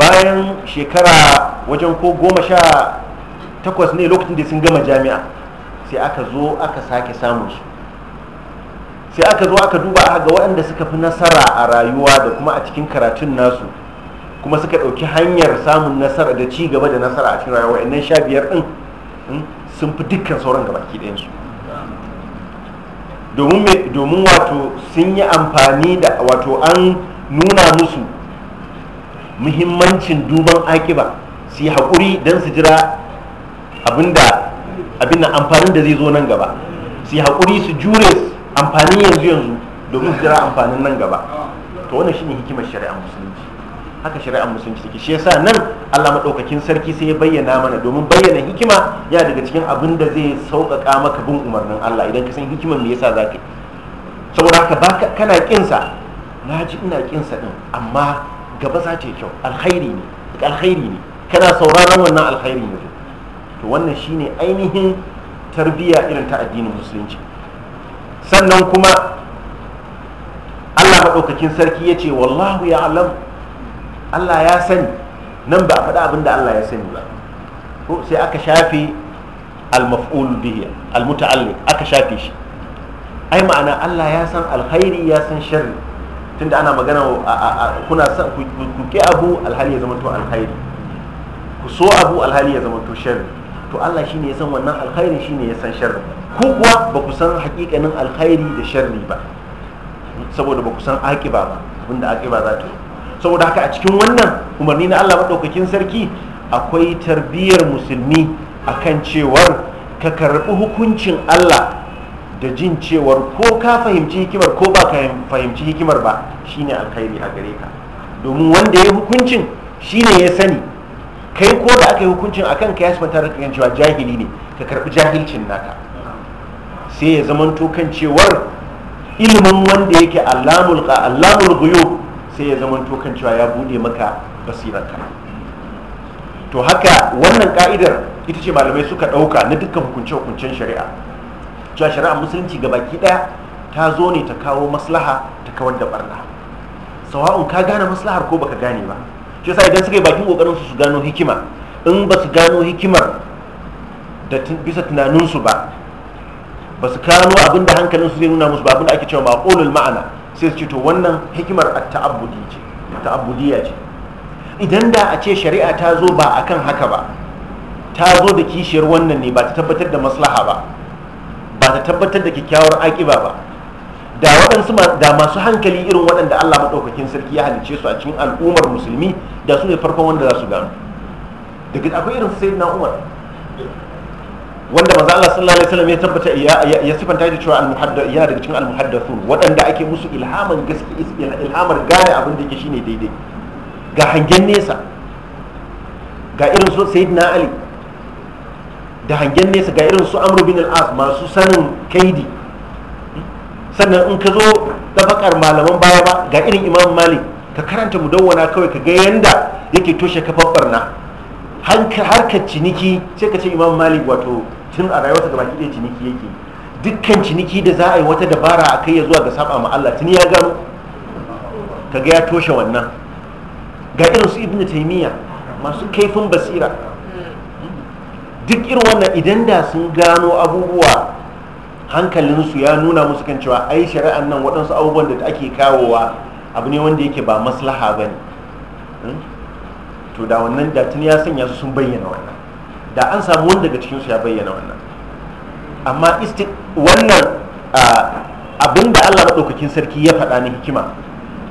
bayan shekara wajen ko goma sha takwas ne lokacin da sun gama jami'a sai aka zo aka sake samun su sai aka zo aka duba a ga waɗanda suka fi nasara a rayuwa da kuma a cikin karatun nasu kuma suka ɗauki hanyar samun nasara da ci gaba da nasara a cikin rayuwa wa'annan sha biyar ɗin hmm, sun fi dukkan sauran gabaki ɗayansu domin wato sun yi amfani da wato an nuna musu muhimmancin duban akiba su yi haƙuri don su jira abinda abin amfanin da zai zo nan gaba su yi haƙuri su jure amfanin yanzu yanzu domin su jira amfanin nan gaba to wannan shine hikimar shari'ar musulunci haka shari'ar musulunci take shi yasa nan Allah madaukakin sarki sai ya bayyana mana domin bayyana hikima ya daga cikin abin da zai sauƙaƙa maka bin umarnin Allah idan ka san hikimar me yasa zaka saboda haka ba kana kinsa na ji ina sa din amma gaba za ta yi kyau alkhairi ne alkhairi ne kana sauraron wannan alkhairi ne to wannan shine ainihin tarbiyya irin ta addinin musulunci sannan kuma Allah maɗaukakin sarki ya ce wallahu ya alam Allah ya sani nan ba a faɗa abin da Allah ya sani ba ko sai aka shafe al-maf'ul bihi al-muta'alliq aka shafe shi ai ma'ana Allah ya san alkhairi ya san sharri tunda ana magana kuna san ku ke abu alhali ya zama to alkhairi ku so abu alhali ya zama to sharri to Allah shi ne ya san wannan alkhairi shi ne ya san sharri ko kuwa ba ku san hakikanin alkhairi da sharri ba saboda ba ku san akiba ba abinda akiba za ta yi saboda haka a cikin wannan umarni na Allah madaukakin sarki akwai tarbiyyar musulmi akan cewar ka karɓi hukuncin Allah da jin cewar ko ka fahimci hikimar ko ba ka fahimci hikimar ba shine alkhairi a gare ka domin wanda ya hukuncin shine ya sani kai ko da aka yi hukuncin akan kan ya mata da kan cewa jahili ne ka karbi jahilcin naka sai ya zama kan cewar ilimin wanda yake allamul allamul ghuyub sai ya zama kan cewa ya bude maka basirarka to haka wannan ka'idar ita ce malamai suka ɗauka na dukkan hukunce-hukuncen shari'a cewa shari'a musulunci ga baki daya ta zo ne ta kawo maslaha ta kawar da barna sawa'un ka gane maslahar ko baka gane ba shi yasa idan suka yi bakin kokarin su gano hikima in ba su gano hikimar da bisa tunaninsu ba ba su kano abin da hankalin su zai nuna musu ba abin da ake cewa maqulul ma'ana sai su ce to wannan hikimar at-ta'abbudi ce ce idan da a ce shari'a ta zo ba akan haka ba ta zo da kishiyar wannan ne ba ta tabbatar da maslaha ba ba ta tabbatar da kyakkyawar akiba ba da waɗansu da masu hankali irin waɗanda Allah maɗaukakin sarki ya halice su a cikin al'ummar musulmi da su ne farkon wanda za su gano daga akwai irin sai na umar wanda maza Allah sallallahu alaihi wasallam ya tabbata ya sifanta da cewa al yana daga cikin al-muhaddathun waɗanda ake musu ilhaman ilhamar gane abin da yake shine daidai ga hangen nesa ga irin su sayyidina ali da hangen nesa ga irin su amurbin bin al-as masu sanin kaidi sannan in ka zo tabakar malaman baya ba ga irin imam malik ka karanta mu mudawwana kawai ka ga yanda yake toshe na har harkar ciniki sai ka ce imam malik wato tun a rayuwarsa gaba ɗaya ciniki yake dukkan ciniki da za a yi wata dabara a kai ya zuwa ga saba ma Allah tun ya gano ka ga ya toshe wannan ga irin su ibnu taymiya masu kaifin basira hmm. duk irin wannan idan da sun gano abubuwa hankalinsu ya nuna musu kan cewa ai shari'an nan waɗansu abubuwan da ake kawowa abu ne wanda yake ba maslaha ba ne hmm? to da wannan da ya sanya su sun bayyana wannan da an samu wani daga cikinsu ya bayyana wannan amma wannan abin da allah maɗaukakin sarki ya faɗa ni hikima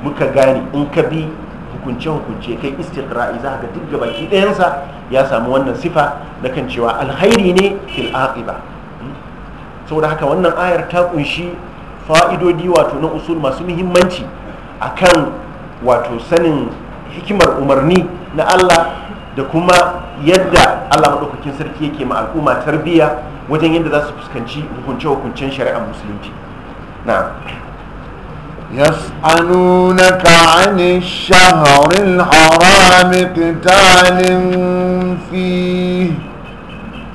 muka gane in ka bi hukunce-hukunce kai istiqra'i za ka duk dayansa ɗayansa ya samu wannan sifa na kan cewa alhairi ne fil aqiba saboda haka wannan ayar ta kunshi fa'idodi wato na usul masu muhimmanci akan wato sanin hikimar umarni na Allah da kuma yadda Allah maɗaukakin sarki yake ma al'umma tarbiyya wajen yadda za su fuskanci hukunce-hukuncen shari'ar musulunci na يسألونك عن الشهر الحرام قتال فيه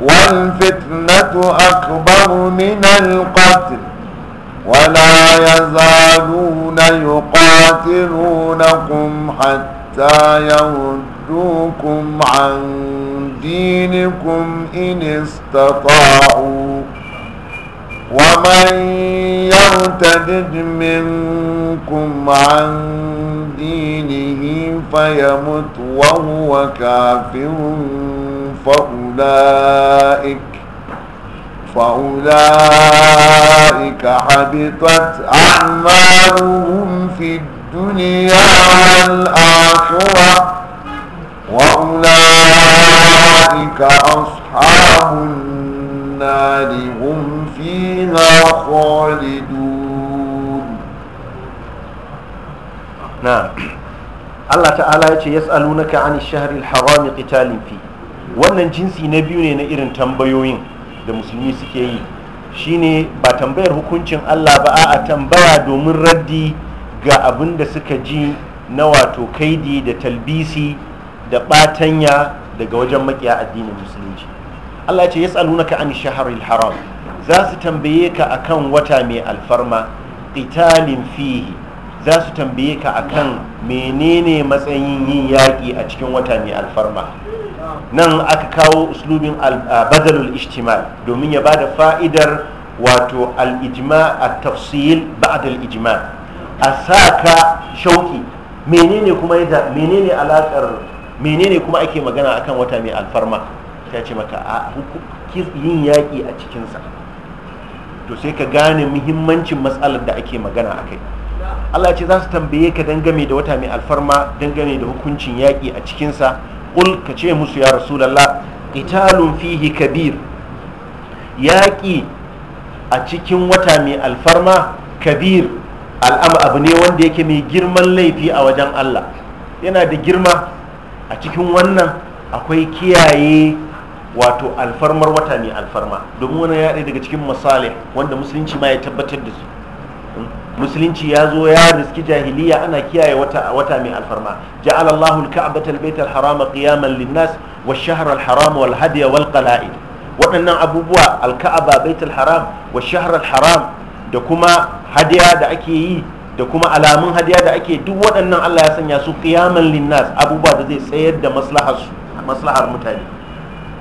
والفتنة أكبر من القتل ولا يزالون يقاتلونكم حتى يردوكم عن دينكم إن استطاعوا ومن يرتد منكم عن دينه فيمت وهو كافر فأولئك فأولئك حبطت أعمالهم في الدنيا والآخرة وأولئك أصحاب النار هم فيها خالدون نعم الله تعالى يسألونك عن الشهر الحرام قتال فيه wannan jinsi na biyu ne na irin tambayoyin da musulmi suke yi shine ba tambayar hukuncin allah ba a tambaya domin raddi ga abin da suka ji na wato kaidi da talbisi da batanya daga wajen makiya addinin musulunci allah ce ya yas'alunaka an shaharil haram za su tambaye ka akan wata mai alfarma qitalin fihi za su tambaye ka akan menene matsayin yin yaƙi a cikin wata mai alfarma nan aka kawo uslubin badalul ijtima domin ya bada fa'idar wato al-ijma a tafsil ba'd al-ijma a ka shauki menene kuma yadda menene alakar menene kuma ake magana akan wata mai alfarma ta ce maka a yin yaƙi a cikinsa to sai ka gane muhimmancin matsalar da ake magana a kai allah ce za su tambaye ka dangame da wata mai alfarma dangane da hukuncin yaƙi a cikinsa qul ka ce musu ya rasulallah Italun fihi kabir yaƙi a cikin wata mai alfarma kabir al'ama abu ne wanda yake mai girman laifi a wajen Allah yana da girma a cikin wannan akwai kiyaye wato alfarmar wata mai alfarma domin wani yaɗe daga cikin misali wanda musulunci ma ya tabbatar da su musulunci ya zo ya riski jahiliya ana kiyaye wata wata mai alfarma ja'ala Allahu al-ka'bata al-bayta al-harama qiyaman lin-nas wash al-haram wal wal-qala'id waɗannan abubuwa al-ka'aba baitul haram wa shahra al-haram da kuma hadiya da ake yi da kuma alamun hadiya da ake duk waɗannan Allah ya sanya su qiyaman lin-nas abubuwa da zai tsayar da maslahar su maslahar mutane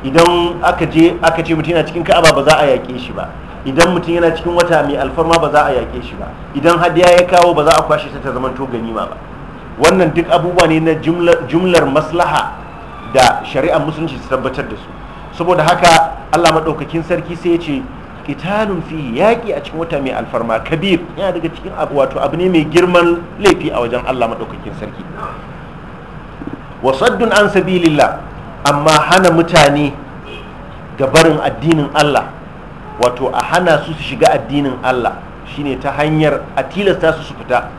idan aka je aka ce mutum yana cikin ka'aba ba za a yaƙe shi ba idan mutum yana cikin wata mai alfarma ba za a yaƙe shi ba idan hadiya ya kawo ba za a kwashe ta ta zamanto ganima ba wannan duk abubuwa ne na jumlar maslaha da shari'ar musulunci su tabbatar da su saboda haka allah maɗaukakin sarki sai ya ce kitanun fi yaƙi a cikin wata mai alfarma kabir yana daga cikin abu wato abu ne mai girman laifi a wajen allah maɗaukakin sarki saddun an sabilillah amma hana mutane ga barin addinin allah wato a hana su su shiga addinin Allah shine ta hanyar a tilasta su su fita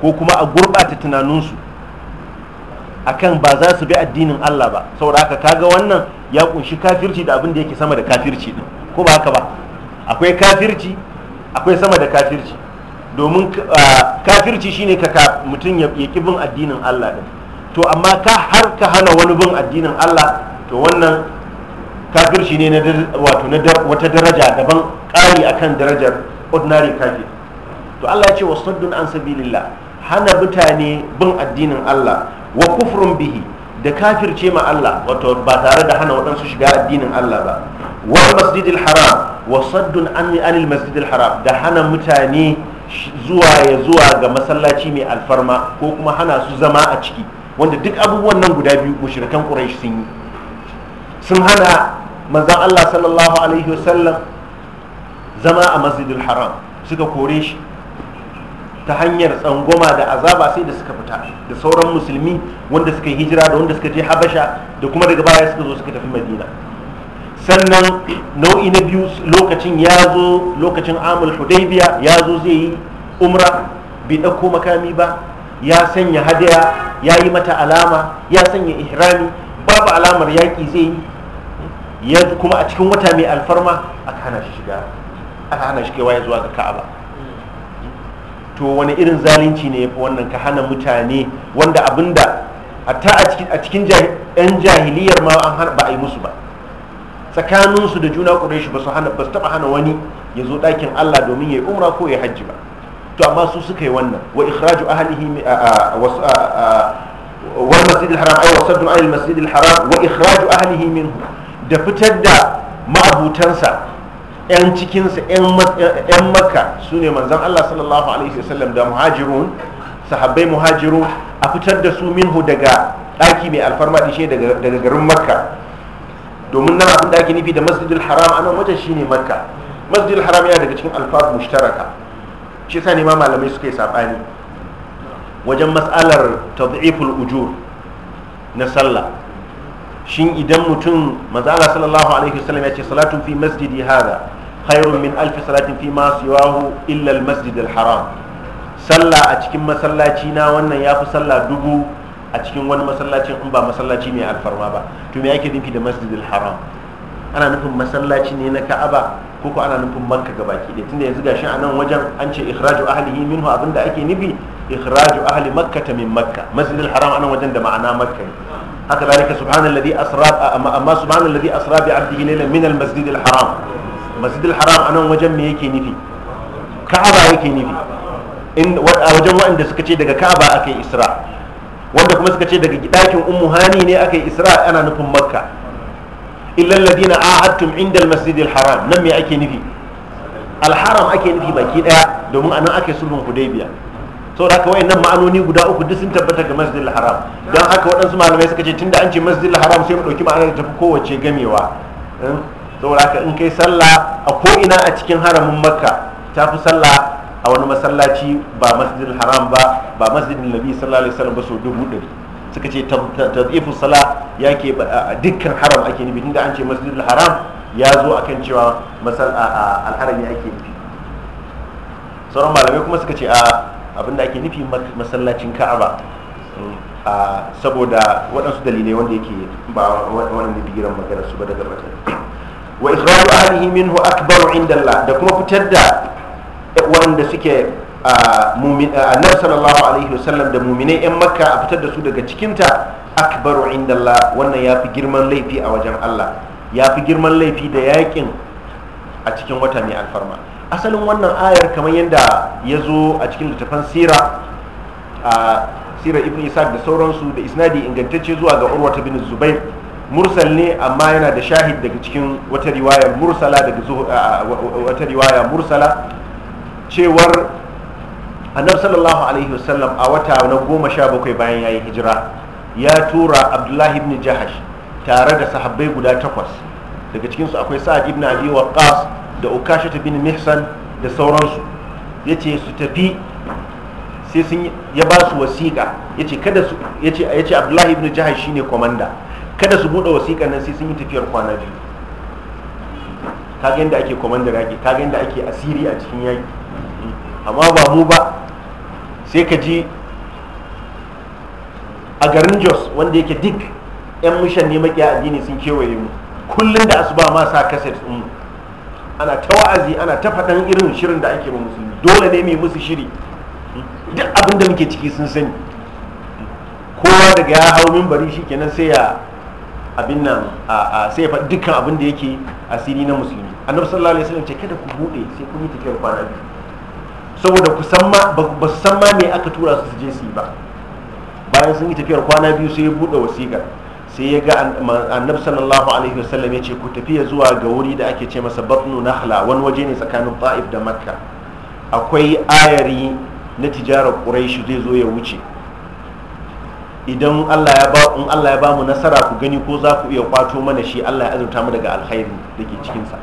ko kuma a gurɓata tunaninsu akan ba za su bi addinin Allah ba saboda haka kaga wannan ya kunshi kafirci da abin da yake sama da kafirci din ko ba haka ba akwai kafirci akwai sama da kafirci domin kafirci shine ka mutum ya ƙi bin addinin Allah din to amma ka har ka hana wani bin addinin Allah to wannan kafirci ne na wata daraja daban ƙari akan darajar ordinary kafir to Allah ya ce wasaddun an sabilillah hana mutane bin addinin Allah wa kufrun bihi da kafirce ma Allah wato ba tare da hana waɗansu shiga addinin Allah ba wa masjidil haram wa saddun an anil masjidil haram da hana mutane zuwa ya zuwa ga masallaci mai alfarma ko kuma hana su zama a ciki wanda duk abubuwan nan guda biyu mushrikan quraish sun yi sun hana manzan Allah sallallahu alaihi wasallam zama a masjidul haram suka kore shi ta hanyar tsangoma da azaba sai da suka fita da sauran musulmi wanda suka hijira da wanda suka je habasha da kuma daga baya suka zo suka tafi madina sannan nau'i na biyu lokacin ya zo lokacin amul hudaybiya ya zo zai yi umra bai ɗauko makami ba ya sanya hadaya ya yi mata alama ya sanya ihrami babu alamar yaƙi zai yi kuma a cikin wata mai alfarma aka hana shi shiga aka hana shi kewaye zuwa ga ka'aba to wani irin zalunci ne yafi wannan ka hana mutane wanda abinda hatta a cikin yan jahiliyar ma an hana ba a yi musu ba tsakaninsu da juna ƙureshi ba su taɓa hana wani ya zo ɗakin allah domin ya yi umra ko ya hajji ba to amma su suka yi wannan wa ikhraju ahlihi والمسجد الحرام أي وصد عن المسجد الحرام وإخراج أهله منه da fitar da ma'abutansa 'yan cikinsa 'yan makka sune ne manzan Allah sallallahu alaihi wasallam da muhajirun sahabai muhajiru a fitar da su minhu daga ɗaki mai alfarma shi daga garin makka domin nan abin da ake nufi da masjidul haram anan wajen shine makka masjidul haram yana daga cikin alfaz mushtaraka shi yasa malamai suka yi saɓani wajen matsalar tad'iful ujur na sallah shin idan mutum mazala sallallahu alaihi wasallam ya ce salatun fi masjidi hada khairun min alf salatin fi ma siwahu illa al masjid al haram sallah a cikin masallaci na wannan yafi sallah dubu a cikin wani masallacin in ba masallaci mai alfarma ba to me yake nufi da masjid al haram ana nufin masallaci ne na ka'aba ko ko ana nufin makka gabaki ɗaya tunda yanzu gashi a nan wajen an ce ikhraju ahlihi minhu abinda ake nufi ikhraju ahli makkah min makkah masjidil haram anan wajen da ma'ana makka ne haka zalika subhanallazi asra amma subhanallazi asra bi abdihi laylan min almasjidil haram masjidil haram anan wajen me yake nufi ka'aba yake nufi in wajen waɗanda suka ce daga ka'aba akai isra wanda kuma suka ce daga dakin ummu hani ne akai isra ana nufin makka illa alladhina a'adtum inda al haram nan me ake nufi alharam ake nufi baki daya domin anan ake sulhun hudaybiya saboda haka wayannan ma'anoni guda uku duk sun tabbata ga masjidil haram don haka waɗansu malamai suka ce tunda an ce masjidil haram sai mu ɗauki ma'anar da tafi kowace gamewa hmm? saboda haka in kai sallah a ko'ina a cikin haramin makka ta fi sallah a wani masallaci ba masjidil haram ba ba masjidin nabi sallallahu alaihi wasallam ba so dubu ɗari suka ce tazifu sallah ya ke dukkan haram ake nufi tunda an ce masjidil haram ya zo akan cewa alharami ake nufi sauran malamai kuma suka ce a abinda ake nufi masallacin ka'aba mm, saboda waɗansu dalilai wanda yake ba wannan da bigiran magana su ba daga bata wa ikhraju alihi minhu akbaru indallah da kuma fitar da waɗanda suke a annabi sallallahu alaihi wasallam da muminai yan makka a fitar da su daga cikinta akbaru indallah wannan ya fi girman laifi a wajen allah ya fi girman laifi da yakin a cikin wata mai alfarma asalin wannan ayar kamar yadda ya zo a cikin littafan sira a sira ibn isa da sauransu da isnadi ingantacce zuwa ga urwata bin zubair mursal ne amma yana da shahid daga cikin wata riwaya mursala daga wata riwaya mursala cewar annab sallallahu alaihi wasallam a wata na goma sha bakwai bayan ya yi hijira ya tura abdullahi ibn jahash tare da sahabbai guda takwas daga cikinsu akwai sa'ad ibn abi waqqas da ta bin mihsan da sauransu ya ce su tafi sai sun ya ba su wasiƙa ya ce kada su ya ce abdullahi ibn jihar shi ne kwamanda kada su buɗe wasiƙa nan sai sun yi tafiyar kwana biyu kaga yadda ake kwamandar yaƙi kaga yadda ake asiri a cikin yaƙi amma ba mu ba sai ka ji a garin jos wanda yake duk 'yan mishan ne maƙiya addini sun kewaye mu kullum da asuba ma sa kaset mu ana ta wa'azi ana ta faɗan irin shirin da ake ma musulmi dole ne mai musu shiri duk abin da muke ciki sun sani kowa daga ya hau bari shi kenan sai ya abin nan sai ya faɗi dukkan abin da yake asiri na musulmi annabi sallallahu alaihi wasallam ce kada ku buɗe sai kun yi tafiyar kwana biyu saboda ku san ma ba su san ma me aka tura su su je su yi ba bayan sun yi tafiyar kwana biyu sai ya buɗe wasiƙar sai ya ga annabi sallallahu alaihi wasallam ya ce ku tafiya zuwa ga wuri da ake ce masa batnu nahla wani waje ne tsakanin ta'if da makka akwai ayari na tijarar quraishi zai zo ya wuce idan Allah ya ba in Allah ya ba mu nasara ku gani ko za ku iya kwato mana shi Allah ya azurta mu daga alkhairi da cikin sa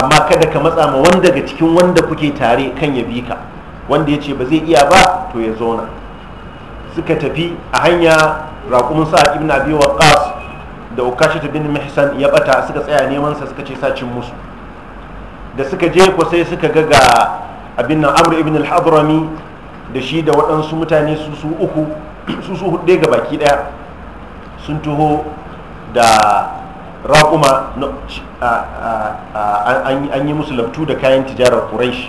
amma kada ka matsa ma wanda daga cikin wanda kuke tare kan ya bika wanda ya ce ba zai iya ba to ya zauna suka tafi a hanya raƙumin sa ibn abi da ta bin mihsan ya bata suka tsaya neman sa suka ce sacin musu da suka je ko sai suka ga ga abin nan amr ibn al-hadrami da shi da waɗansu mutane su su uku su su hudu ga baki daya sun tuho da raƙuma an yi musu labtu da kayan tijarar quraish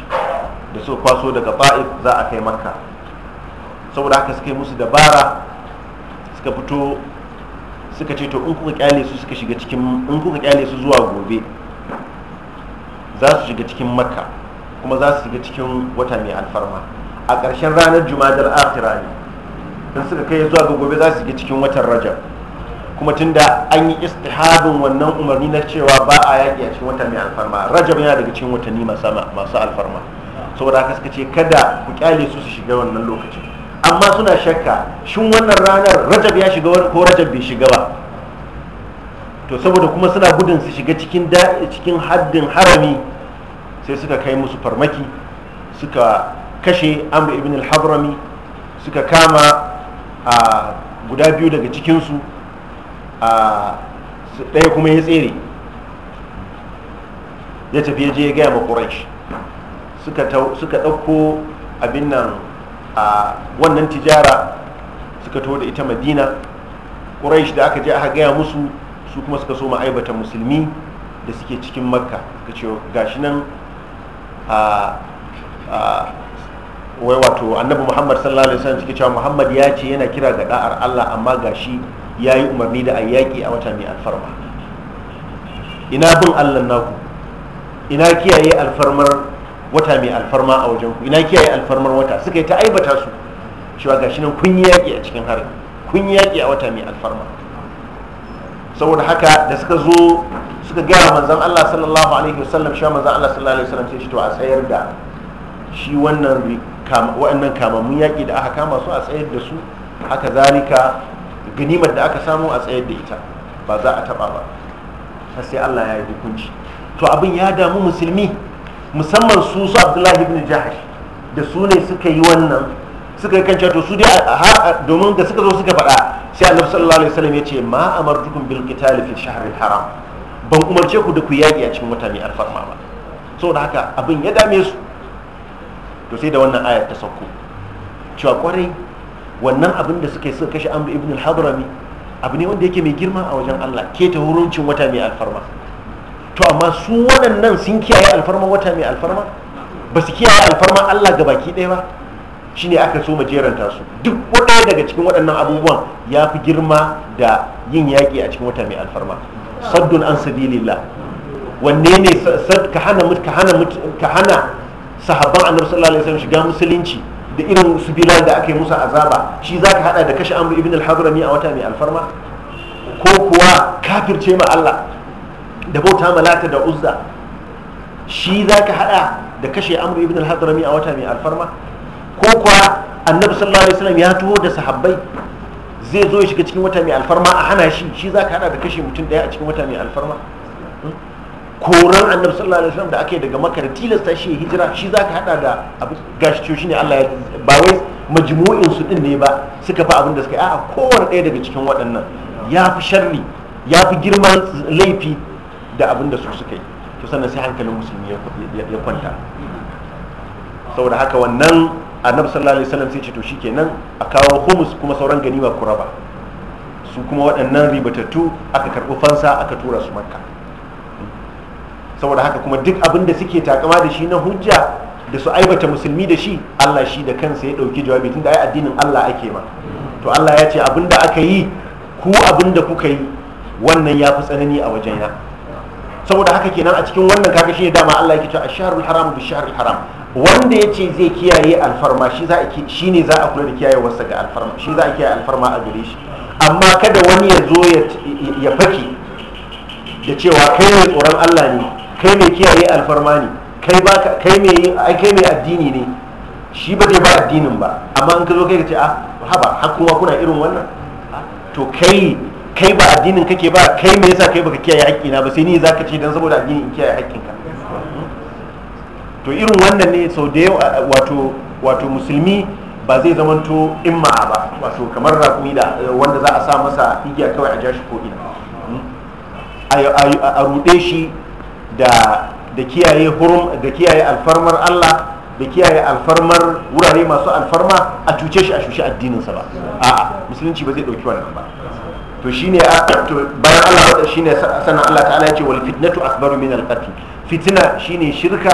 da suka kwaso daga ba'if za a kai makka saboda haka suka yi musu dabara suka fito suka ce to in kuka kyale su suka shiga cikin in kuka kyale su zuwa gobe za su shiga cikin makka kuma za su shiga cikin wata mai alfarma a ƙarshen ranar jumadar akira ne in suka kai zuwa ga gobe za su shiga cikin watan rajab kuma tunda an yi istihadin wannan umarni na cewa ba a yaƙi a cikin wata mai alfarma rajab yana daga cikin watanni masu alfarma saboda haka suka ce kada ku kyale su su shiga wannan lokacin amma suna shakka shin wannan ranar rajab ya shiga ko rajab bai shiga ba to saboda kuma suna gudun su shiga cikin cikin haddin harami sai suka kai musu farmaki suka kashe amr ibn al-habrami suka kama a guda biyu daga cikinsu a ɗaya kuma ya tsere ya tafi ya je ya gaya ma suka ɗauko abin nan a wannan tijara suka taho da ita madina ƙuraish da aka je aka gaya musu su kuma suka so ma'aibata musulmi da suke cikin makka suka ce gashi nan a wai wato annabi muhammad sallallahu alaihi wasallam suke cewa muhammad ya ce yana kira ga da'ar allah amma gashi ya yi umarni da ayyaki a wata mai alfarma ina bin allah naku ina kiyaye alfarmar wata mai alfarma a wajen ku ina kiyaye alfarmar wata suka yi ta aibata su cewa gashi nan kun yi yaƙi a cikin harin kun yi yaƙi a wata mai alfarma saboda haka da suka zo suka gaya manzan Allah sallallahu alaihi wasallam shi manzan Allah sallallahu alaihi wasallam shi to a tsayar da shi wannan wa'annan kamammun yaƙi da aka kama su a tsayar da su haka zalika ganimar da aka samu a tsayar da ita ba za a taɓa ba sai Allah ya yi hukunci to abin ya damu musulmi musamman su su abdullahi ibn jahash da su ne suka yi wannan suka yi kan to su dai domin da suka zo suka faɗa sai annabi sallallahu alaihi wasallam ya ce ma amartukum bil qital fi haram ban umarce ku da ku yaƙi a cikin wata mai alfarma ba saboda haka abin ya dame su to sai da wannan ayar ta sauko cewa kwarai wannan abin da suka yi suka kashe amr ibn al-hadrami abu ne wanda yake mai girma a wajen Allah ke ta huruncin wata mai alfarma to amma su waɗannan sun kiyaye alfarma wata mai alfarma ba su kiyaye alfarma Allah ga baki ɗaya ba ne aka so jeranta su duk ɗaya daga cikin waɗannan abubuwan ya fi girma da yin yaƙi a cikin wata mai alfarma saddun an sabilillah wanne ne ka hana ka hana sahabban annabi sallallahu alaihi wasallam shiga musulunci da irin su bilal da aka yi musu azaba shi zaka hada da kashe amru ibn al-hadrami a wata mai alfarma ko kuwa kafirce ma Allah da bauta malata da uzza shi za ka hada da kashe amru ibn al-hadrami a wata mai alfarma ko kuwa annabi sallallahu alaihi wasallam ya tuho da sahabbai zai zo ya shiga cikin wata mai alfarma a hana shi shi za ka hada da kashe mutum daya a cikin wata mai alfarma hmm? koran annabi sallallahu alaihi wasallam da aka yi daga makka da tilasta shi ya hijira shi za ka hada da abu gashi shi ne Allah ya ba wai majmu'in su din ne ba suka fi abin da suka yi a'a kowanne daya daga cikin waɗannan ya fi sharri ya fi girman laifi da abin da su suka yi to sannan sai hankalin musulmi ya kwanta saboda haka wannan annabi sallallahu alaihi wasallam sai ce to shikenan a kawo humus kuma sauran ganima ku raba su kuma waɗannan ribatattu aka karɓi fansa aka tura su makka saboda haka kuma duk abin da suke takama da shi na hujja da su aibata musulmi da shi Allah shi da kansa ya ɗauki jawabi tunda ai addinin Allah ake ma to Allah ya ce abin da aka yi ku abinda kuka yi wannan ya fi tsanani a wajena saboda haka kenan a cikin wannan kaga shi dama Allah yake cewa a shahrul haram bi shahril haram wanda yace zai kiyaye alfarma shi za a shine za a kula da kiyayewarsa ga alfarma shi za a kiyaye alfarma a gare shi amma kada wani ya zo ya faki da cewa kai ne tsoron Allah ne kai mai kiyaye alfarma ne kai ba kai mai kai addini ne shi ba zai ba addinin ba amma in ka zo kai ka ce ah haba har kuma kuna irin wannan ah, to kai kai ba addinin kake ba kai me yasa kai baka kiyaye haƙƙi na ba sai ni zaka ce dan saboda addini in kiyaye haƙƙin ka to irin wannan ne sau da yawa wato wato musulmi ba zai zamanto ma'a ba wato kamar rakumi da eh, wanda za a sa masa igiya kawai a jashi ko ina hmm? a ruɗe shi da da kiyaye hurum da kiyaye alfarmar Allah da kiyaye alfarmar wurare masu alfarma a cuce shi a shushe addininsa ba a'a musulunci ba zai ɗauki wannan ba to shine bayan Allah shine sanan Allah ta'ala yace wal fitnatu akbaru min al qatl fitina shine shirka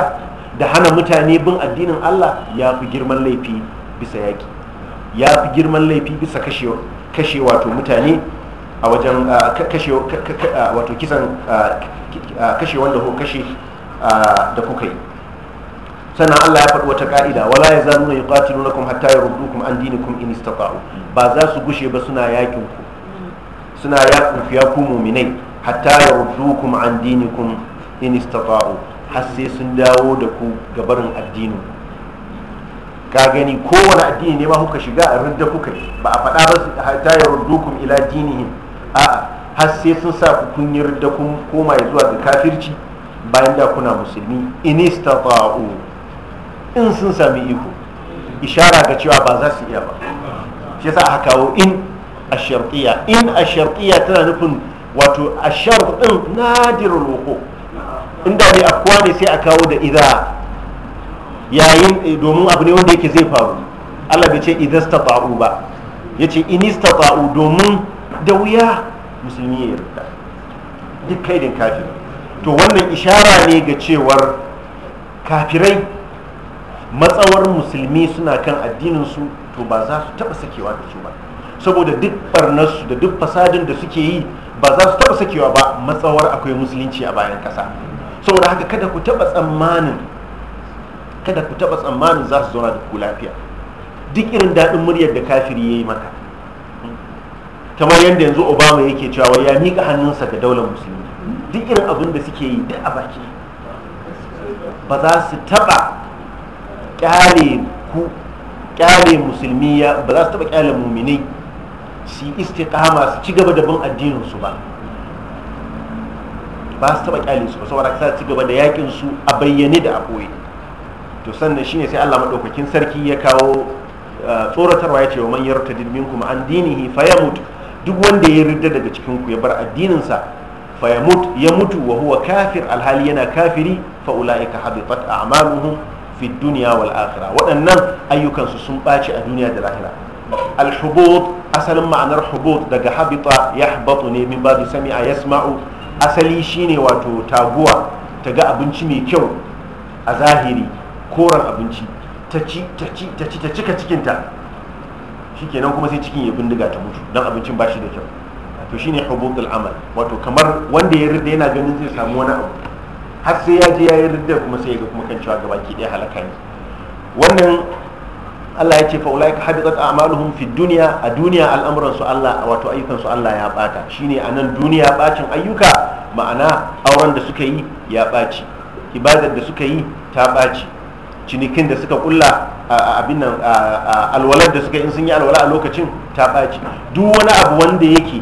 da hana mutane bin addinin Allah ya fi girman laifi bisa yaki ya fi girman laifi bisa kashe kashe wato mutane a wajen kashe wato kisan kashe wanda ko kashe da kuka yi sannan Allah ya faɗi wata ka'ida wala ya yazaluna yuqatilunakum hatta yaruddukum an dinikum in istata'u ba za su gushe ba suna yakin ku suna yaƙufi ya ku muminai hatta ya kuma an kun in istata'u har sai sun dawo da ku gabarin addinin ka gani kowane addini ne ma kuka shiga a rudda kuka ba a faɗa ba hatta ya kuma ila dinihim a'a har sai sun sa ku kun yi rudda kun koma zuwa ga kafirci bayan da kuna musulmi in istata'u in sun sami iko ishara ga cewa ba za su iya ba shi yasa aka kawo in ashartiya in ashartiya tana nufin wato ashart din nadirul wuku inda ne afkuwa ne sai a kawo da idza yayin domin abu ne wanda yake zai faru Allah bai ce idza stata'u ba yace in istata'u domin da wuya musulmi ya yarda duk kai din kafir to wannan ishara ne ga cewar kafirai matsawar musulmi suna kan addinin su to ba za su taba sakewa da su ba saboda duk barnarsu da duk fasadin da suke yi ba za su taɓa sakewa ba matsawar akwai musulunci a bayan ƙasa saboda haka kada ku taɓa tsammanin kada ku taɓa tsammanin za su zauna da ku lafiya duk irin daɗin muryar da kafiri ya yi maka kamar yadda yanzu obama yake cewa wai ya miƙa hannunsa ga daular musulmi duk irin abin da suke yi da a ba za su taɓa ƙyale ku ƙyale musulmi ba za su taɓa ƙyale muminai su yi istiqama su ci gaba da bin addinin su ba ba su taba kyale su ba saboda ka ci gaba da yakin su a bayyane da a koye to sannan shine sai Allah madaukakin sarki ya kawo eh, tsoratarwa ya ce wa man yartadid kuma an dinihi fayamut duk wanda ya ridda daga cikin ku ya bar addinin sa fayamut ya mutu wa huwa kafir alhali yana kafiri fa ulaika habitat a'maluhum fi dunya wal akhirah waɗannan ayyukan sun ɓaci a duniya da lahira al asalin ma'anar hubut daga habita ya habatu ne min ba sami a yasma'u asali shine wato taguwa ta ga abinci mai kyau a zahiri koren abinci ta ci ta cika cikinta shikenan kuma sai cikin ya bindiga ta mutu don abincin ba shi da kyau to shine hubutul amal wato kamar wanda ya ridda yana ganin zai samu wani abu har sai ya je ya yi ridda kuma sai ya ga kuma kan cewa ɗaya halaka ne wannan Allah ya ce fa ulai ka habitat a'maluhum fi dunya a duniya al'amuran su Allah wato ayyukan su Allah ya bata shine a nan duniya bacin ayyuka ma'ana auren da suka yi ya baci ibadar da suka yi ta baci cinikin da suka kulla abin nan alwalar da suka in sun yi alwala a lokacin ta baci duk wani abu wanda yake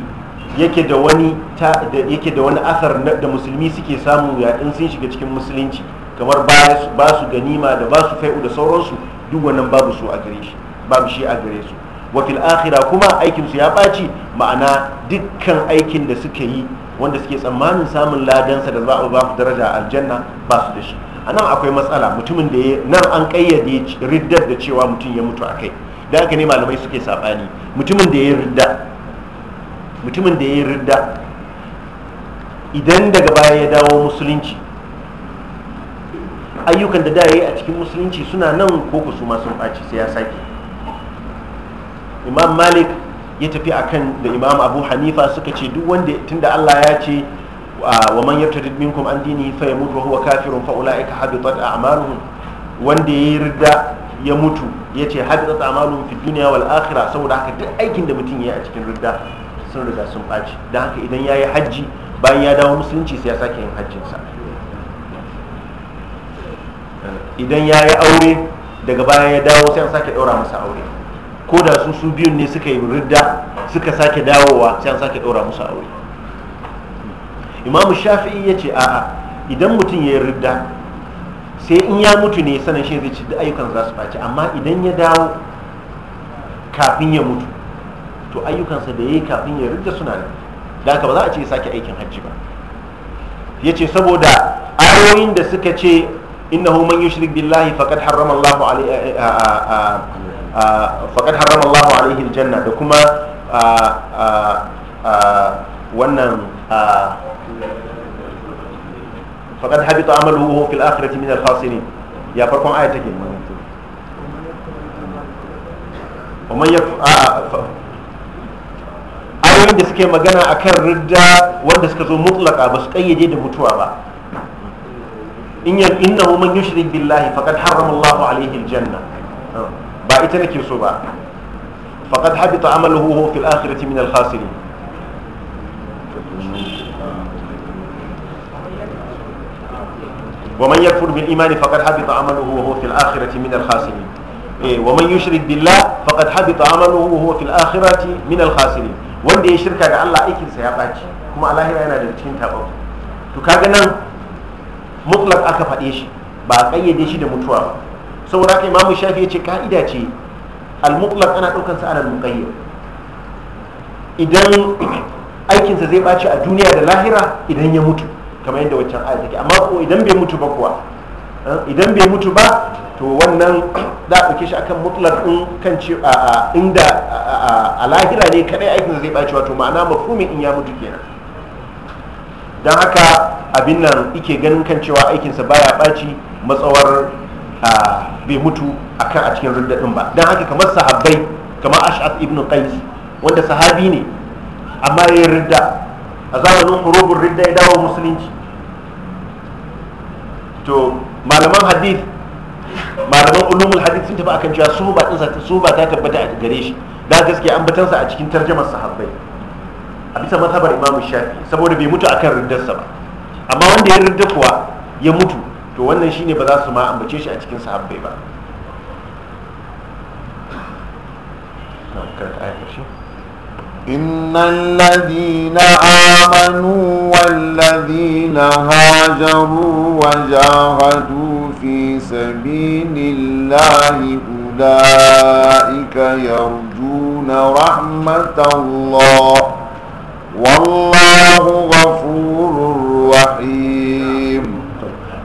yake da wani ta yake da wani asar da musulmi suke samu ya in sun shiga cikin musulunci kamar ba su ganima da ba su fai'u da sauransu duk wannan babu su a gare shi babu shi a gare su wakil akhira kuma aikin su ya ɓaci ma'ana dukkan aikin da suka yi wanda suke tsammanin samun ladansa da za a ba su daraja aljanna ba su da shi a akwai matsala mutumin da ya nan an kayyade riddar da cewa mutum ya mutu a kai da haka ne malamai suke saɓani mutumin da ya ridda mutumin da ya ridda idan daga baya ya dawo musulunci ayyukan da da yayi a cikin musulunci suna nan ko ku su ma sun ɓaci sai ya sake imam malik ya tafi akan da imam abu hanifa suka ce duk wanda tunda allah ya ce ah, wa man yartadid minkum an dini fa yamut wa huwa kafirun fa ulaika habitat a'maluhum wanda yayi ridda ya mutu ya ce habitat a'maluhum fi dunya wal akhirah saboda haka duk aikin da mutum yayi a cikin ridda sun riga sun ɓaci don haka idan yayi hajji bayan ya dawo musulunci sai ya sake yin hajjinsa idan ya yi aure daga baya ya dawo sai an sake ɗora masa aure ko da su su biyun ne suka yi ridda suka sake dawowa sai an sake ɗora musu aure imamu shafi'i ya ce a'a idan mutum ya yi ridda sai in ya mutu ne sanin shi zai ci da ayyukan za su faci amma idan ya dawo kafin ya mutu to ayyukansa da ya yi kafin ya ridda suna ne da aka ba za a ce sake aikin hajji ba ya ce saboda ayoyin da suka ce innahu man yushrik billahi faqad harrama Allahu alaihi da kuma wannan faqad habita amaluhu fil akhirati min al khasirin ya farkon aya take ومن يف... ayoyin da suke magana akan ridda wanda suka zo mutlaka ba su kayyade da mutuwa ba in ya innahu man yushrik billahi faqad harrama Allahu alayhi aljanna ba ita nake so ba faqad habita amaluhu fil akhirati min al khasirin ومن يكفر بالإيمان فقد حبط عمله وهو في الآخرة من الخاسرين إيه ومن يشرك بالله فقد حبط عمله وهو في الآخرة من الخاسرين وان دي شركة الله إكل سيباتي كما الله هنا ينادي تكين تابو تكاغنا mutlak aka faɗe shi ba a ƙayyade shi da mutuwa ba saboda haka imamu shafi ya ce ka'ida ce al mutlak ana ɗaukar sa alal muqayyad idan aikinsa zai ɓaci a duniya da lahira idan ya mutu kamar yadda waccan aya take amma ko idan bai mutu ba kuwa eh, idan bai mutu ba to wannan za a ɗauke shi akan mutlak ɗin kan ce inda a lahira ne kadai aikinsa zai ɓaci wato ma'ana mafumin in ya mutu kenan don haka abin nan ike ganin kan cewa aikinsa baya ɓaci matsawar bai mutu akan a cikin rundadin ba don haka kamar sahabbai kamar ash'ad ibn qais wanda sahabi ne amma ya ridda a zamanin hurubun ridda ya dawo musulunci to malaman hadith malaman ulumul hadith sun tafi akan cewa su ba ta tabbata a gare shi da gaskiya an batansa a cikin tarjamar sahabbai a bisa masabar imam shafi saboda bai mutu akan riddarsa ba amma wanda ya ridda kuwa ya mutu to wannan shine ba za su ma ambace shi a cikin sahabbai ba إن الذين آمنوا والذين هاجروا وجاهدوا في سبيل الله أولئك يرجون رحمة الله wallahu ghafurur rahim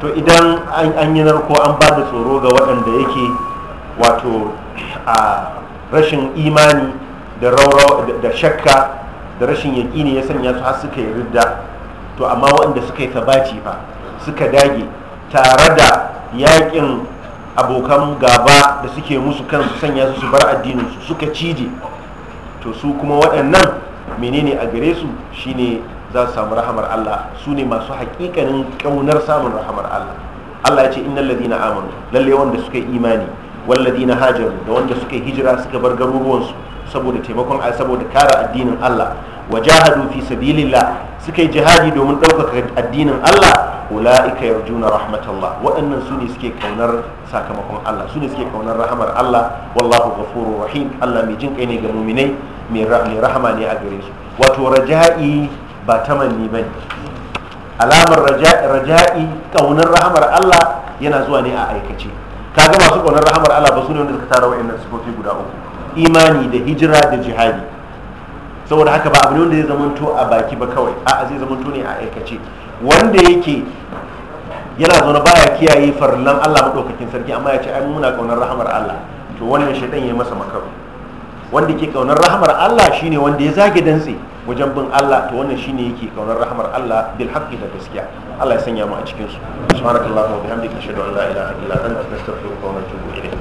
to idan an yi narko an ba da tsoro ga waɗanda yake wato a rashin imani da rauro da shakka da rashin yaƙini ya sanya su har suka yi ridda to amma waɗanda suka yi tabaci fa suka dage tare da yaƙin abokan gaba da suke musu kansu sanya su su bar addinin su suka cije to su kuma waɗannan menene a gare su shine za su samu rahamar Allah su ne masu hakikanin kaunar samun rahamar Allah Allah ya ce innal ladina amanu lalle wanda suka yi imani wal ladina hajaru da wanda suka yi hijira suka bar su saboda taimakon saboda kare addinin Allah wajahadu fi sabilillah suka yi jihadi domin ɗaukaka addinin Allah ula'ika yarjuna rahmatallah waɗannan su ne suke kaunar sakamakon Allah su ne suke kaunar rahamar Allah wallahu ghafurur rahim Allah mai jin kai ne ga muminai mai rahama ne a gare su wato raja'i ba tamanni ba ne alamar raja'i ƙaunar rahamar allah yana zuwa ne a aikace ga masu ƙaunar rahamar allah ba su ne wanda suka tara wa'annan sifofi guda uku imani da hijira da jihadi saboda haka ba abu ne wanda zai zamanto a baki ba kawai a'a zai zamanto ne a aikace wanda yake yana zaune baya kiyaye farlan Allah maɗaukakin sarki amma ya ce ai muna kaunar rahamar Allah to wannan shaitan ya masa makaru wanda ke kaunar rahmar Allah shine wanda ya zage dantse wajen bin Allah to wannan shine yake kaunar rahamar Allah bil haqqi da gaskiya Allah ya sanya mu a cikin su subhanakallahumma wa bihamdika ashhadu an la ilaha illa anta astaghfiruka wa atubu ilayk